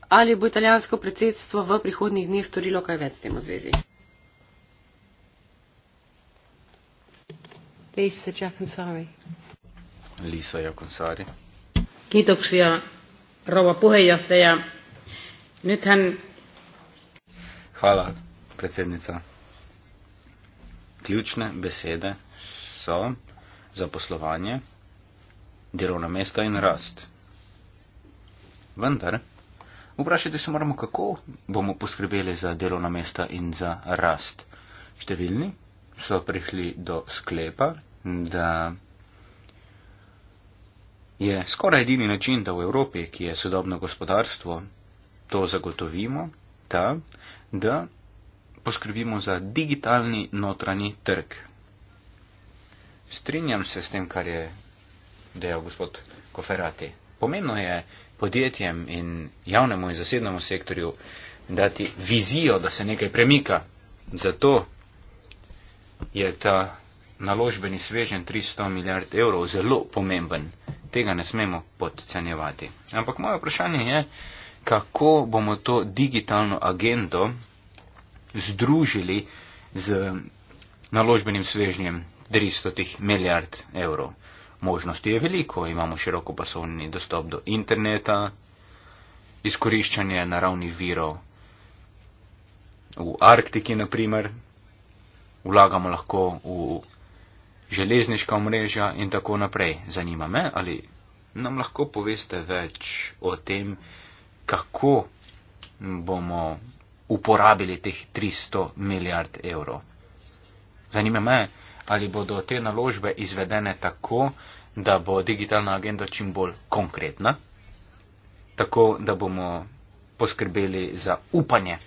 Ali bo italijansko predsedstvo v prihodnih dneh storilo kaj več s tem v zvezi? Lisa Jaconsari. Lisa Jaconsari. Kiitoksia, rouva puheenjohtaja. Nythän... Hvala, predsednica. Ključne besede so zaposlovanje, delovna mesta in rast. Vendar, Vprašati se moramo, kako bomo poskrbeli za delovna mesta in za rast. Številni so prišli do sklepa, da je skoraj edini način, da v Evropi, ki je sodobno gospodarstvo, to zagotovimo, ta, da poskrbimo za digitalni notranji trg. Strinjam se s tem, kar je dejal gospod Koferati. Pomembno je, podjetjem in javnemu in zasebnemu sektorju dati vizijo, da se nekaj premika. Zato je ta naložbeni svežen 300 milijard evrov zelo pomemben. Tega ne smemo podcenjevati. Ampak moje vprašanje je, kako bomo to digitalno agendo združili z naložbenim svežnjem 300 milijard evrov možnosti je veliko. Imamo široko pasovni dostop do interneta, izkoriščanje naravnih virov v Arktiki, na primer, vlagamo lahko v železniška omrežja in tako naprej. Zanima me, ali nam lahko poveste več o tem, kako bomo uporabili teh 300 milijard evrov. Zanima me, ali bodo te naložbe izvedene tako, da bo digitalna agenda čim bolj konkretna, tako da bomo poskrbeli za upanje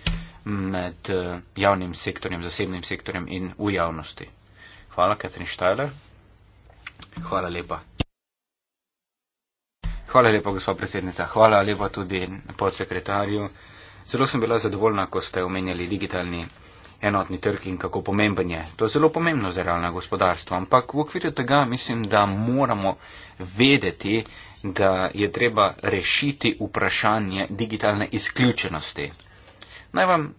med eh, javnim sektorjem, zasebnim sektorjem in v javnosti. Hvala, Katrin Štajler. Hvala lepa. Hvala lepa, gospod predsednica. Hvala lepa tudi podsekretarju. Zelo sem bila zadovoljna, ko ste omenjali digitalni enotni trg in kako pomemben je. To je zelo pomembno za realno gospodarstvo, ampak v okviru tega mislim, da moramo vedeti, da je treba rešiti vprašanje digitalne izključenosti. Naj vam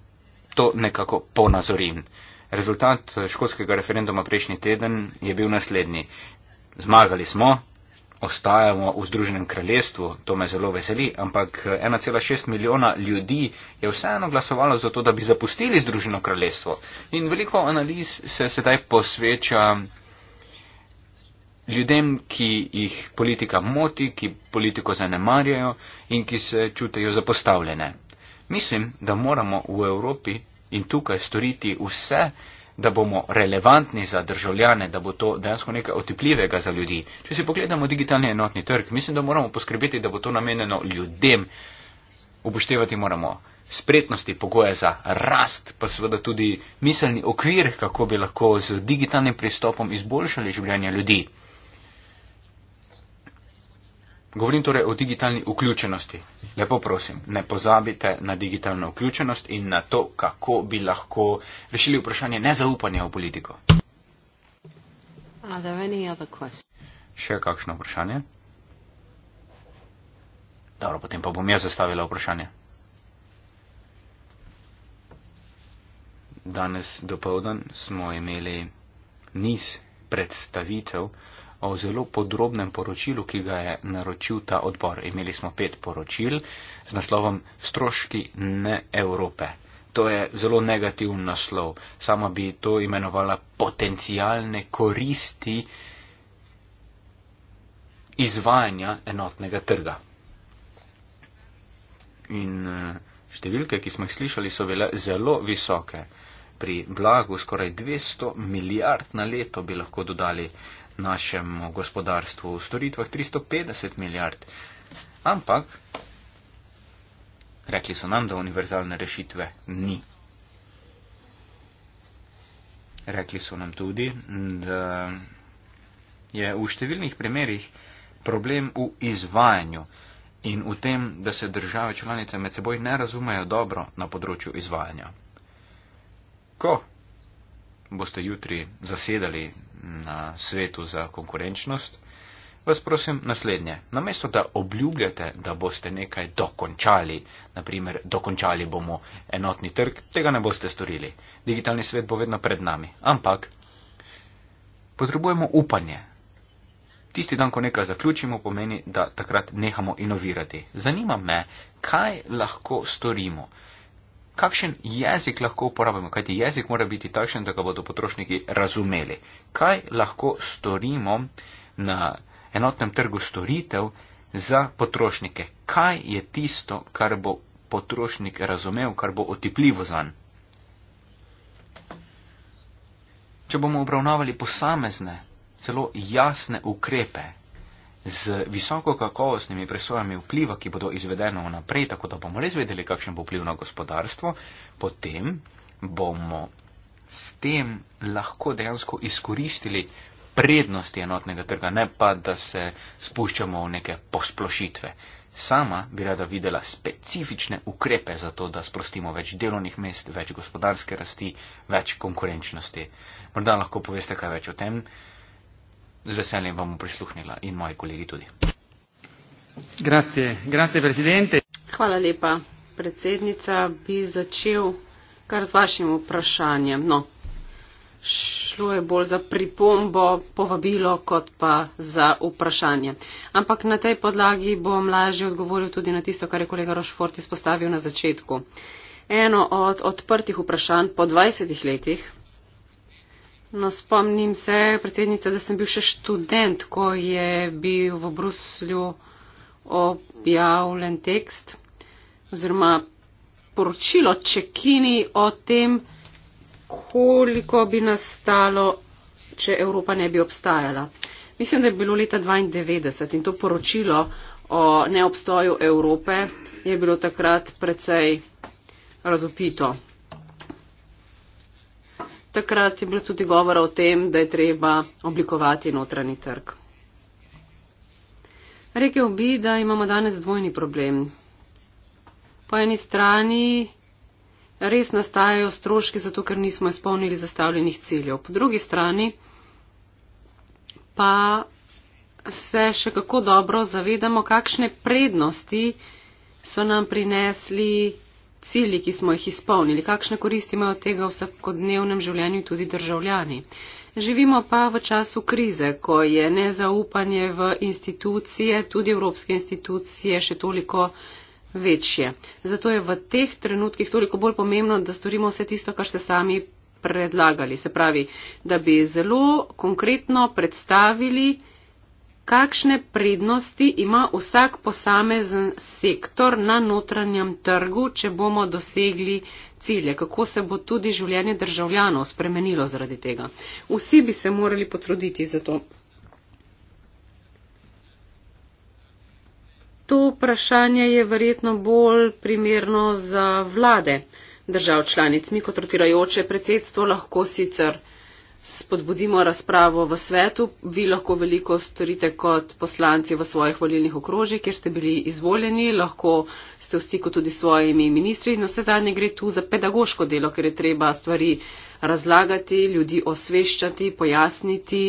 to nekako ponazorim. Rezultat škotskega referenduma prejšnji teden je bil naslednji. Zmagali smo, ostajamo v Združenem kraljestvu, to me zelo veseli, ampak 1,6 eh, milijona ljudi je vseeno glasovalo za to, da bi zapustili Združeno kraljestvo. In veliko analiz se sedaj posveča ljudem, ki jih politika moti, ki politiko zanemarjajo in ki se čutijo zapostavljene. Mislim, da moramo v Evropi in tukaj storiti vse, da bomo relevantni za državljane, da bo to dejansko nekaj otepljivega za ljudi. Če si pogledamo digitalni enotni trg, mislim, da moramo poskrbeti, da bo to namenjeno ljudem. Upoštevati moramo spretnosti, pogoje za rast, pa seveda tudi miselni okvir, kako bi lahko z digitalnim pristopom izboljšali življenje ljudi. Govorim torej o digitalni vključenosti. Lepo prosim, ne pozabite na digitalno vključenost in na to, kako bi lahko rešili vprašanje nezaupanja v politiko. Še kakšno vprašanje? Dobro, potem pa bom jaz zastavila vprašanje. Danes dopoldan smo imeli niz predstavitev o zelo podrobnem poročilu, ki ga je naročil ta odbor. Imeli smo pet poročil z naslovom Stroški ne Evrope. To je zelo negativ naslov. Sama bi to imenovala potencijalne koristi izvajanja enotnega trga. In eh, številke, ki smo jih slišali, so bile zelo visoke. Pri blagu skoraj 200 milijard na leto bi lahko dodali našem gospodarstvu, v storitvah 350 milijard. Ampak rekli so nam, da univerzalne rešitve ni. Rekli so nam tudi, da je v številnih primerjih problem v izvajanju in v tem, da se države članice med seboj ne razumejo dobro na področju izvajanja. Ko boste jutri zasedali na svetu za konkurenčnost, vas prosim naslednje. Namesto da obljubljate, da boste nekaj dokončali, naprimer dokončali bomo enotni trg, tega ne boste storili. Digitalni svet bo vedno pred nami. Ampak potrebujemo upanje. Tisti dan, ko nekaj zaključimo, pomeni, da takrat nehamo inovirati. Zanima me, kaj lahko storimo kakšen jezik lahko uporabimo, kajti jezik mora biti takšen, da ga bodo potrošniki razumeli. Kaj lahko storimo na enotnem trgu storitev za potrošnike? Kaj je tisto, kar bo potrošnik razumel, kar bo otipljivo zanj? Če bomo obravnavali posamezne, celo jasne ukrepe, z visokokakovostnimi presojami vpliva, ki bodo izvedene vnaprej, tako da bomo res vedeli, kakšen bo vpliv na gospodarstvo, potem bomo s tem lahko dejansko izkoristili prednosti enotnega trga, ne pa, da se spuščamo v neke posplošitve. Sama bi rada videla specifične ukrepe za to, da sprostimo več delovnih mest, več gospodarske rasti, več konkurenčnosti. Morda lahko poveste kaj več o tem z veseljem vam prisluhnila in moji kolegi tudi. Grazie, grazie presidente. Hvala lepa, predsednica. Bi začel kar z vašim vprašanjem. No, šlo je bolj za pripombo, povabilo, kot pa za vprašanje. Ampak na tej podlagi bom lažje odgovoril tudi na tisto, kar je kolega Rošfort izpostavil na začetku. Eno od odprtih vprašanj po 20 letih No, spomnim se, predsednica, da sem bil še študent, ko je bil v Bruslju objavljen tekst oziroma poročilo Čekini o tem, koliko bi nastalo, če Evropa ne bi obstajala. Mislim, da je bilo leta 1992 in to poročilo o neobstoju Evrope je bilo takrat precej razupito takrat je bilo tudi govora o tem, da je treba oblikovati notranji trg. Rekel bi, da imamo danes dvojni problem. Po eni strani res nastajajo stroški, zato ker nismo izpolnili zastavljenih ciljev. Po drugi strani pa se še kako dobro zavedamo, kakšne prednosti so nam prinesli cilji, ki smo jih izpolnili, kakšne koristi imajo od tega v vsakodnevnem življenju tudi državljani. Živimo pa v času krize, ko je nezaupanje v institucije, tudi evropske institucije, še toliko večje. Zato je v teh trenutkih toliko bolj pomembno, da storimo vse tisto, kar ste sami predlagali. Se pravi, da bi zelo konkretno predstavili, kakšne prednosti ima vsak posamezen sektor na notranjem trgu, če bomo dosegli cilje, kako se bo tudi življenje državljanov spremenilo zaradi tega. Vsi bi se morali potruditi za to. To vprašanje je verjetno bolj primerno za vlade držav članic. Mi kot rotirajoče predsedstvo lahko sicer spodbudimo razpravo v svetu. Vi lahko veliko storite kot poslanci v svojih volilnih okrožjih, kjer ste bili izvoljeni, lahko ste v stiku tudi s svojimi ministri. No, vse zadnje gre tu za pedagoško delo, ker je treba stvari razlagati, ljudi osveščati, pojasniti.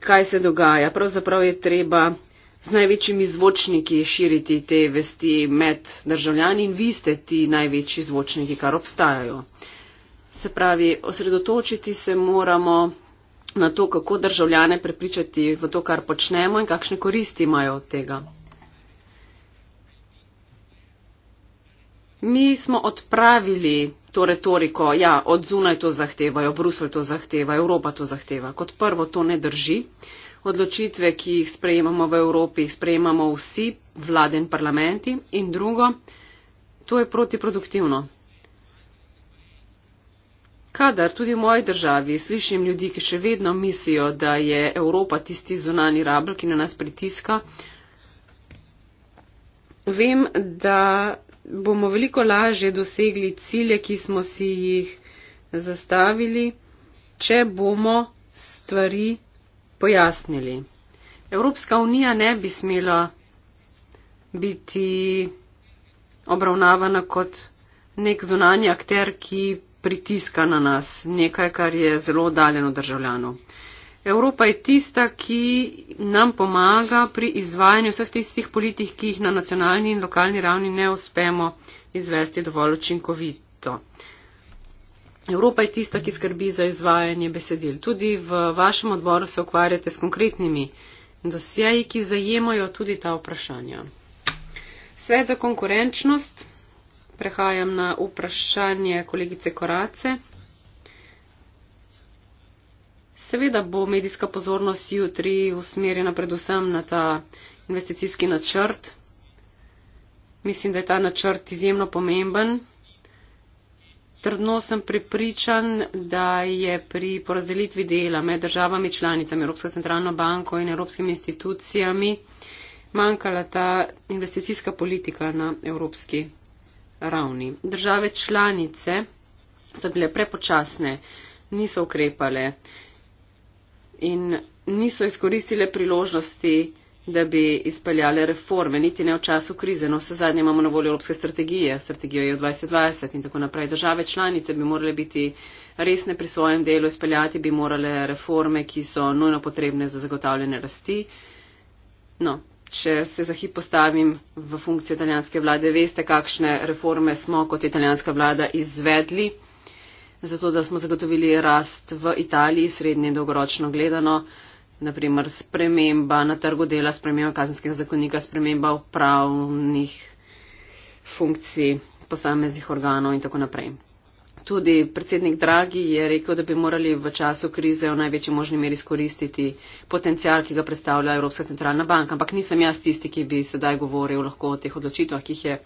Kaj se dogaja? Pravzaprav je treba z največjimi zvočniki širiti te vesti med državljani in vi ste ti največji zvočniki, kar obstajajo. Se pravi, osredotočiti se moramo na to, kako državljane prepričati v to, kar počnemo in kakšne koristi imajo od tega. Mi smo odpravili to retoriko, ja, od zunaj to zahtevajo, Brusel to zahteva, Evropa to zahteva. Kot prvo, to ne drži. Uh, odločitve, ki jih sprejemamo v Evropi, jih sprejemamo vsi vlade in parlamenti. In drugo, to je protiproduktivno. Kadar tudi v moji državi slišim ljudi, ki še vedno mislijo, da je Evropa tisti zunani rabl, ki na nas pritiska, vem, da bomo veliko lažje dosegli cilje, ki smo si jih zastavili, če bomo stvari pojasnili. Evropska unija ne bi smela biti obravnavana kot nek zunanji akter, ki pritiska na nas, nekaj, kar je zelo daljeno državljanov. Evropa je tista, ki nam pomaga pri izvajanju vseh tistih politik, ki jih na nacionalni in lokalni ravni ne uspemo izvesti dovolj učinkovito. Evropa je tista, ki skrbi za izvajanje besedil. Tudi v vašem odboru se ukvarjate s konkretnimi dosjeji, ki zajemajo tudi ta vprašanja. Svet za konkurenčnost. Prehajam na vprašanje kolegice Korace. Seveda bo medijska pozornost jutri usmerjena predvsem na ta investicijski načrt. Mislim, da je ta načrt izjemno pomemben, Trdno sem pripričan, da je pri porazdelitvi dela med državami članicami, Evropsko centralno banko in evropskimi institucijami manjkala ta investicijska politika na evropski ravni. Države članice so bile prepočasne, niso ukrepale in niso izkoristile priložnosti, da bi izpeljale reforme, niti ne v času krize. No, vse zadnje imamo na voljo evropske strategije, strategijo je v 2020 in tako naprej. Države članice bi morale biti resne pri svojem delu, izpeljati bi morale reforme, ki so nujno potrebne za zagotavljanje rasti. No, če se za hip postavim v funkcijo italijanske vlade, veste, kakšne reforme smo kot italijanska vlada izvedli, zato da smo zagotovili rast v Italiji, srednje in dolgoročno gledano naprimer sprememba na trgu dela, sprememba kazenskega zakonika, sprememba upravnih funkcij posameznih organov in tako naprej. Tudi predsednik Dragi je rekel, da bi morali v času krize v največji možni meri izkoristiti potencial, ki ga predstavlja Evropska centralna banka. Ampak nisem jaz tisti, ki bi sedaj govoril lahko o teh odločitvah, ki jih je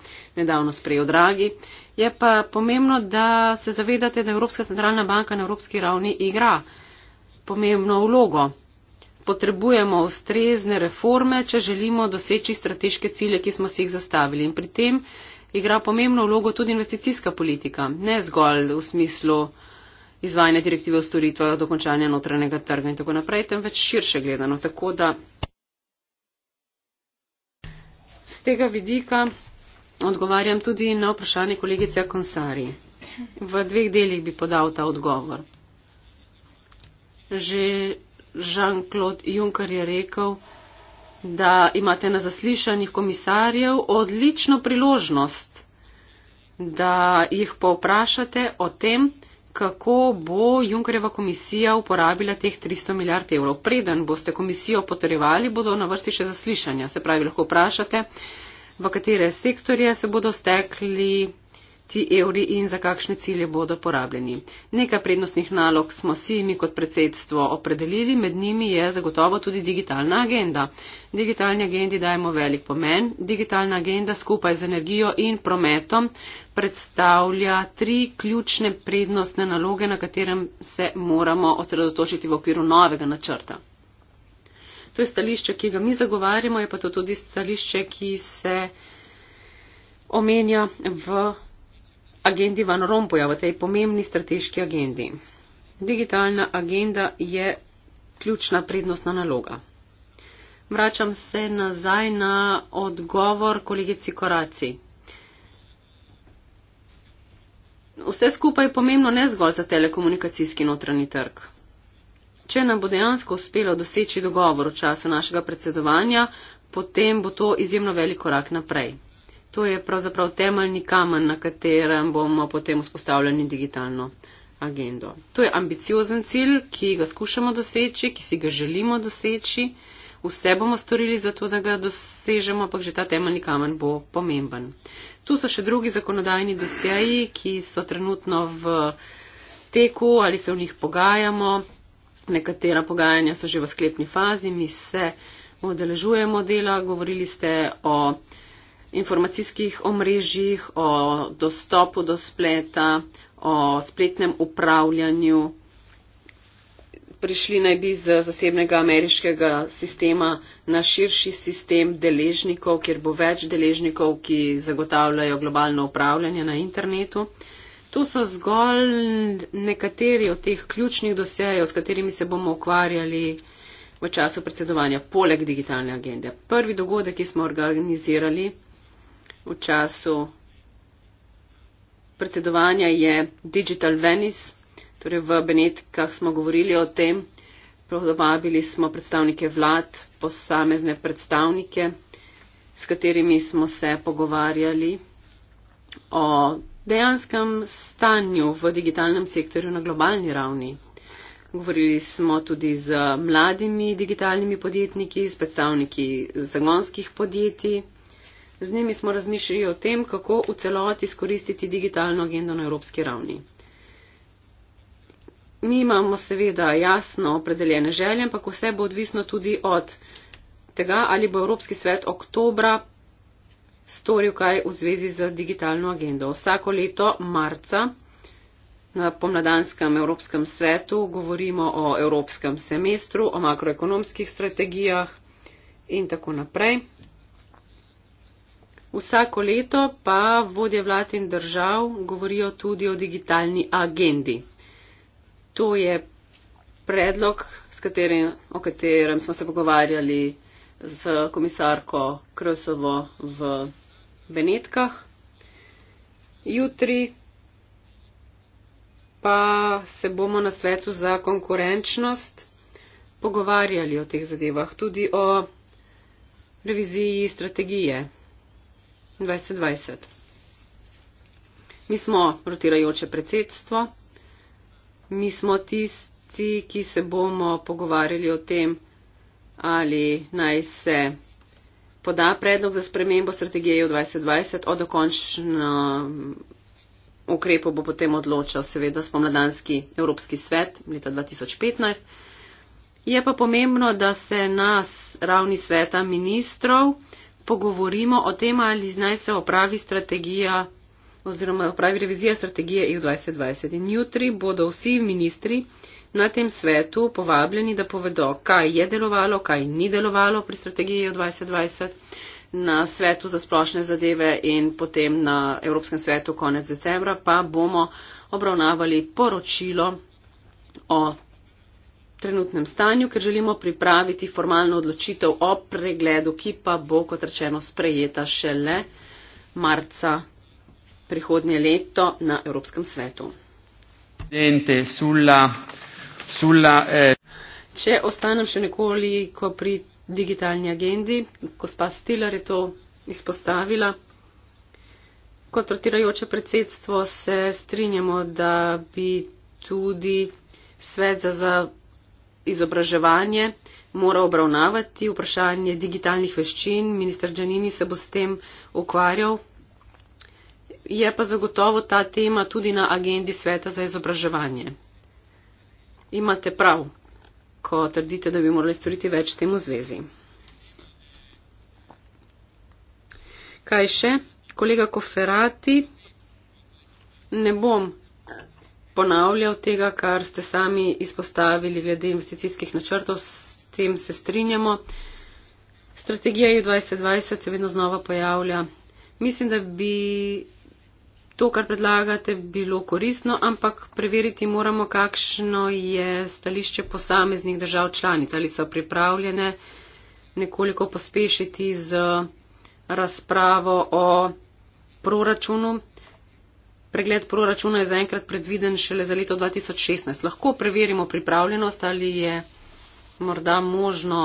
nedavno sprejel Dragi. Je pa pomembno, da se zavedate, da Evropska centralna banka na evropski ravni igra pomembno vlogo potrebujemo ustrezne reforme, če želimo doseči strateške cilje, ki smo si jih zastavili. In pri tem igra pomembno vlogo tudi investicijska politika, ne zgolj v smislu izvajanja direktive o storitvah, dokončanja notranjega trga in tako naprej, temveč širše gledano. Tako da z tega vidika odgovarjam tudi na vprašanje kolegice Konsari. V dveh delih bi podal ta odgovor. Že Jean-Claude Juncker je rekel, da imate na zaslišanjih komisarjev odlično priložnost, da jih povprašate o tem, kako bo Junkereva komisija uporabila teh 300 milijard evrov. Preden boste komisijo potrjevali, bodo na vrsti še zaslišanja. Se pravi, lahko vprašate, v katere sektorje se bodo stekli ti evri in za kakšne cilje bodo porabljeni. Nekaj prednostnih nalog smo si mi kot predsedstvo opredelili, med njimi je zagotovo tudi digitalna agenda. Digitalni agendi dajemo velik pomen. Digitalna agenda skupaj z energijo in prometom predstavlja tri ključne prednostne naloge, na katerem se moramo osredotočiti v okviru novega načrta. To je stališče, ki ga mi zagovarjamo, je pa to tudi stališče, ki se omenja v agendi Van Rompuja, v tej pomembni strateški agendi. Digitalna agenda je ključna prednostna naloga. Vračam se nazaj na odgovor kolegici Koraci. Vse skupaj je pomembno ne zgolj za telekomunikacijski notranji trg. Če nam bo dejansko uspelo doseči dogovor v času našega predsedovanja, potem bo to izjemno velik korak naprej. To je pravzaprav temeljni kamen, na katerem bomo potem vzpostavljali digitalno agendo. To je ambiciozen cilj, ki ga skušamo doseči, ki si ga želimo doseči. Vse bomo storili za to, da ga dosežemo, ampak že ta temeljni kamen bo pomemben. Tu so še drugi zakonodajni dosjeji, ki so trenutno v teku ali se v njih pogajamo. Nekatera pogajanja so že v sklepni fazi, mi se odeležujemo dela, govorili ste o informacijskih omrežjih, o dostopu do spleta, o spletnem upravljanju. Prišli naj bi z zasebnega ameriškega sistema na širši sistem deležnikov, kjer bo več deležnikov, ki zagotavljajo globalno upravljanje na internetu. To so zgolj nekateri od teh ključnih dosejev, s katerimi se bomo ukvarjali v času predsedovanja poleg digitalne agende. Prvi dogodek, ki smo organizirali, v času predsedovanja je Digital Venice, torej v Benetkah smo govorili o tem, pozvabili smo predstavnike vlad, posamezne predstavnike, s katerimi smo se pogovarjali o dejanskem stanju v digitalnem sektorju na globalni ravni. Govorili smo tudi z mladimi digitalnimi podjetniki, s predstavniki zagonskih podjetij. Z njimi smo razmišljali o tem, kako v celoti izkoristiti digitalno agendo na evropski ravni. Mi imamo seveda jasno opredeljene želje, ampak vse bo odvisno tudi od tega, ali bo Evropski svet oktobra storil kaj v zvezi z digitalno agendo. Vsako leto marca na pomladanskem Evropskem svetu govorimo o Evropskem semestru, o makroekonomskih strategijah in tako naprej. Vsako leto pa vodje vlad in držav govorijo tudi o digitalni agendi. To je predlog, katerim, o katerem smo se pogovarjali z komisarko Krosovo v Benetkah. Jutri pa se bomo na svetu za konkurenčnost pogovarjali o teh zadevah, tudi o reviziji strategije. 2020. Mi smo rotirajoče predsedstvo, mi smo tisti, ki se bomo pogovarjali o tem, ali naj se poda predlog za spremembo strategije v 2020, o dokončno ukrepu bo potem odločal seveda spomladanski Evropski svet leta 2015. Je pa pomembno, da se nas ravni sveta ministrov pogovorimo o tem, ali znaj se opravi strategija oziroma opravi revizija strategije EU 2020. In jutri bodo vsi ministri na tem svetu povabljeni, da povedo, kaj je delovalo, kaj ni delovalo pri strategiji EU 2020 na svetu za splošne zadeve in potem na Evropskem svetu konec decembra, pa bomo obravnavali poročilo o trenutnem stanju, ker želimo pripraviti formalno odločitev o pregledu, ki pa bo, kot rečeno, sprejeta šele marca prihodnje leto na Evropskem svetu. Sulla, sulla, eh. Če ostanem še nekoliko pri digitalni agendi, gospa Stiller je to izpostavila. Kot rotirajoče predsedstvo se strinjamo, da bi tudi svet za zavod izobraževanje mora obravnavati vprašanje digitalnih veščin. Ministr Džanini se bo s tem ukvarjal. Je pa zagotovo ta tema tudi na agendi sveta za izobraževanje. Imate prav, ko trdite, da bi morali storiti več s tem v zvezi. Kaj še? Kolega Koferati, ne bom ponavljal tega, kar ste sami izpostavili glede investicijskih načrtov, s tem se strinjamo. Strategija EU 2020 se vedno znova pojavlja. Mislim, da bi to, kar predlagate, bilo koristno, ampak preveriti moramo, kakšno je stališče posameznih držav članic, ali so pripravljene nekoliko pospešiti z razpravo o proračunu Pregled proračuna je zaenkrat predviden šele za leto 2016. Lahko preverimo pripravljenost, ali je morda možno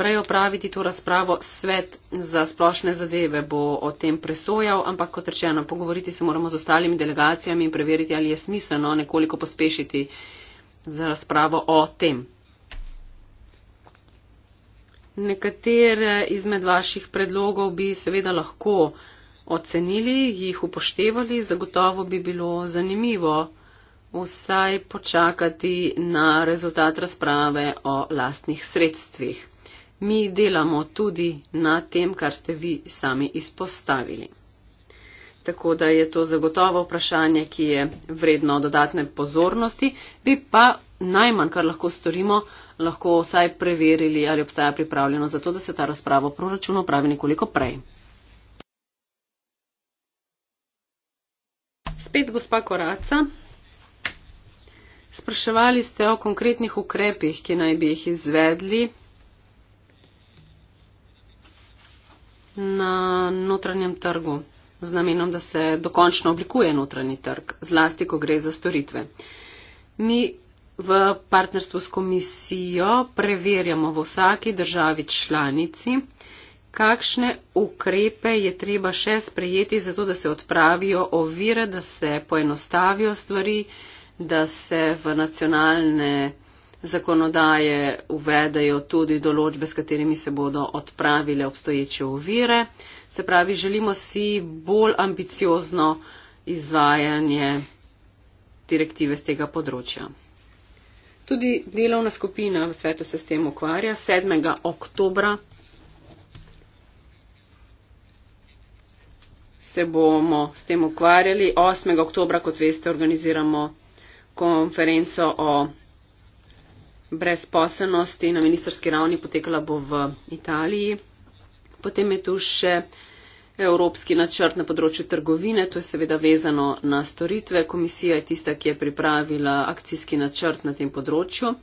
prej opraviti to razpravo. Svet za splošne zadeve bo o tem presojal, ampak kot rečeno, pogovoriti se moramo z ostalimi delegacijami in preveriti, ali je smiselno nekoliko pospešiti za razpravo o tem. Nekatere izmed vaših predlogov bi seveda lahko ocenili, jih upoštevali, zagotovo bi bilo zanimivo vsaj počakati na rezultat razprave o lastnih sredstvih. Mi delamo tudi na tem, kar ste vi sami izpostavili. Tako da je to zagotovo vprašanje, ki je vredno dodatne pozornosti, bi pa najmanj, kar lahko storimo, lahko vsaj preverili, ali obstaja pripravljeno za to, da se ta razprava o proračunu pravi nekoliko prej. spet gospa Koraca. Spraševali ste o konkretnih ukrepih, ki naj bi jih izvedli na notranjem trgu z namenom, da se dokončno oblikuje notranji trg, zlasti, ko gre za storitve. Mi v partnerstvu s komisijo preverjamo v vsaki državi članici, kakšne ukrepe je treba še sprejeti, zato da se odpravijo ovire, da se poenostavijo stvari, da se v nacionalne zakonodaje uvedejo tudi določbe, s katerimi se bodo odpravile obstoječe ovire. Se pravi, želimo si bolj ambiciozno izvajanje direktive z tega področja. Tudi delovna skupina v svetu se s tem ukvarja 7. oktobra se bomo s tem ukvarjali. 8. oktobra, kot veste, organiziramo konferenco o brezposelnosti na ministerski ravni, potekala bo v Italiji. Potem je tu še evropski načrt na področju trgovine, to je seveda vezano na storitve. Komisija je tista, ki je pripravila akcijski načrt na tem področju.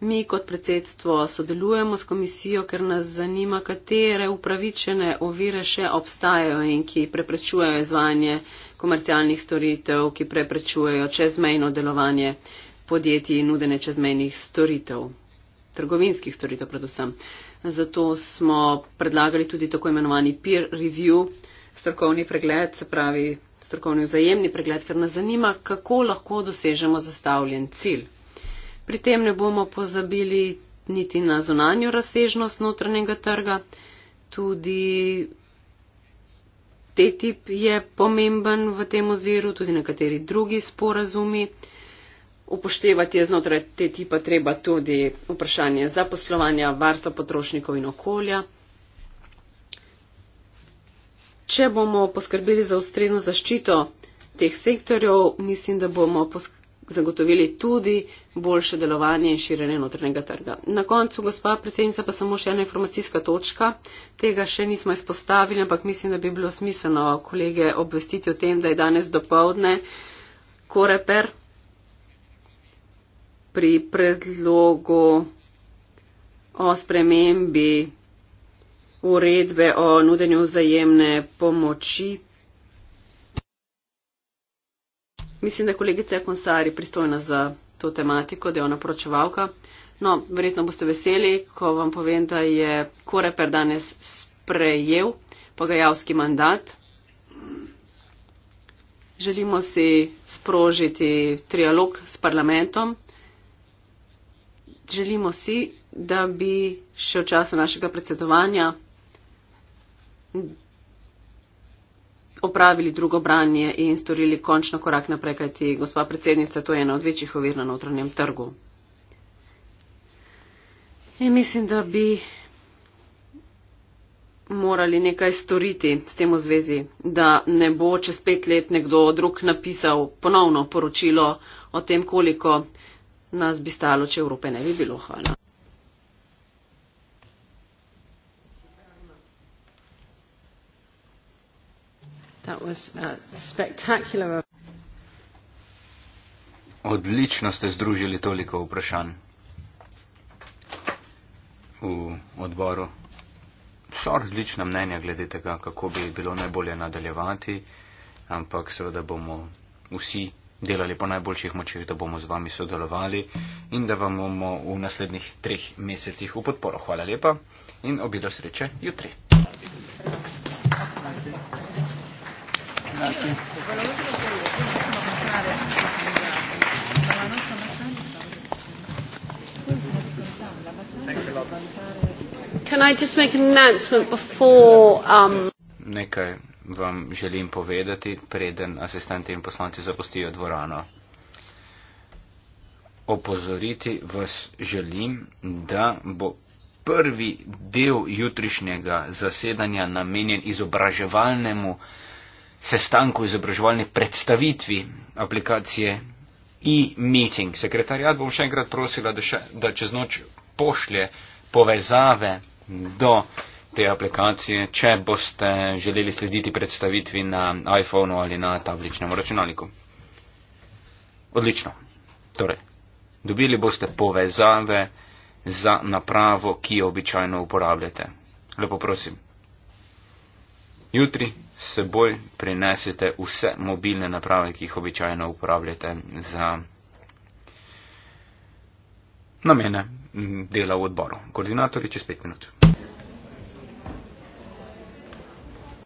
Mi kot predsedstvo sodelujemo s komisijo, ker nas zanima, katere upravičene ovire še obstajajo in ki preprečujejo izvajanje komercialnih storitev, ki preprečujejo čezmejno delovanje podjetij in nudene čezmejnih storitev, trgovinskih storitev predvsem. Zato smo predlagali tudi tako imenovani peer review, strokovni pregled, se pravi strokovni vzajemni pregled, ker nas zanima, kako lahko dosežemo zastavljen cilj. Pri tem ne bomo pozabili niti na zunanjo razsežnost notranjega trga, tudi TTIP je pomemben v tem oziru, tudi nekateri drugi sporazumi. Upoštevati je znotraj TTIP-a treba tudi vprašanje zaposlovanja, varstva potrošnikov in okolja. Če bomo poskrbeli za ustrezno zaščito teh sektorjev, mislim, da bomo poskrbeli zagotovili tudi boljše delovanje in širjenje notrnega trga. Na koncu, gospa predsednica, pa samo še ena informacijska točka. Tega še nismo izpostavili, ampak mislim, da bi bilo smiselno kolege obvestiti o tem, da je danes dopovdne koreper pri predlogu o spremembi uredbe o nudenju vzajemne pomoči Mislim, da je kolegica Konsari pristojna za to tematiko, da je ona poročevalka. No, verjetno boste veseli, ko vam povem, da je Koreper danes sprejel pogajalski mandat. Želimo si sprožiti trialog s parlamentom. Želimo si, da bi še v času našega predsedovanja opravili drugo branje in storili končno korak naprej, kajti gospa predsednica, to je ena od večjih ovir na notranjem trgu. In mislim, da bi morali nekaj storiti s tem v zvezi, da ne bo čez pet let nekdo drug napisal ponovno poročilo o tem, koliko nas bi stalo, če Evrope ne bi bilo. Hvala. That was uh, spectacular. Odlično ste združili toliko vprašanj v odboru. So različna mnenja glede tega, kako bi bilo najbolje nadaljevati, ampak seveda bomo vsi delali po najboljših močeh, da bomo z vami sodelovali in da vam bomo v naslednjih treh mesecih v podporo. Hvala lepa in obido sreče jutri. Grazie. Can I just make an announcement before, um... Nekaj vam želim povedati, preden asistenti in poslanci zapustijo dvorano. Opozoriti vas želim, da bo prvi del jutrišnjega zasedanja namenjen izobraževalnemu sestanku izobraževalni predstavitvi aplikacije e-meeting. Sekretarjat bom še enkrat prosila, da, še, da čez noč pošlje povezave do te aplikacije, če boste želeli slediti predstavitvi na iPhonu ali na tabličnem računalniku. Odlično. Torej, dobili boste povezave za napravo, ki jo običajno uporabljate. Lepo prosim. Jutri seboj prinesete vse mobilne naprave, ki jih običajno uporabljate za namene dela v odboru. Koordinator je čez pet minut.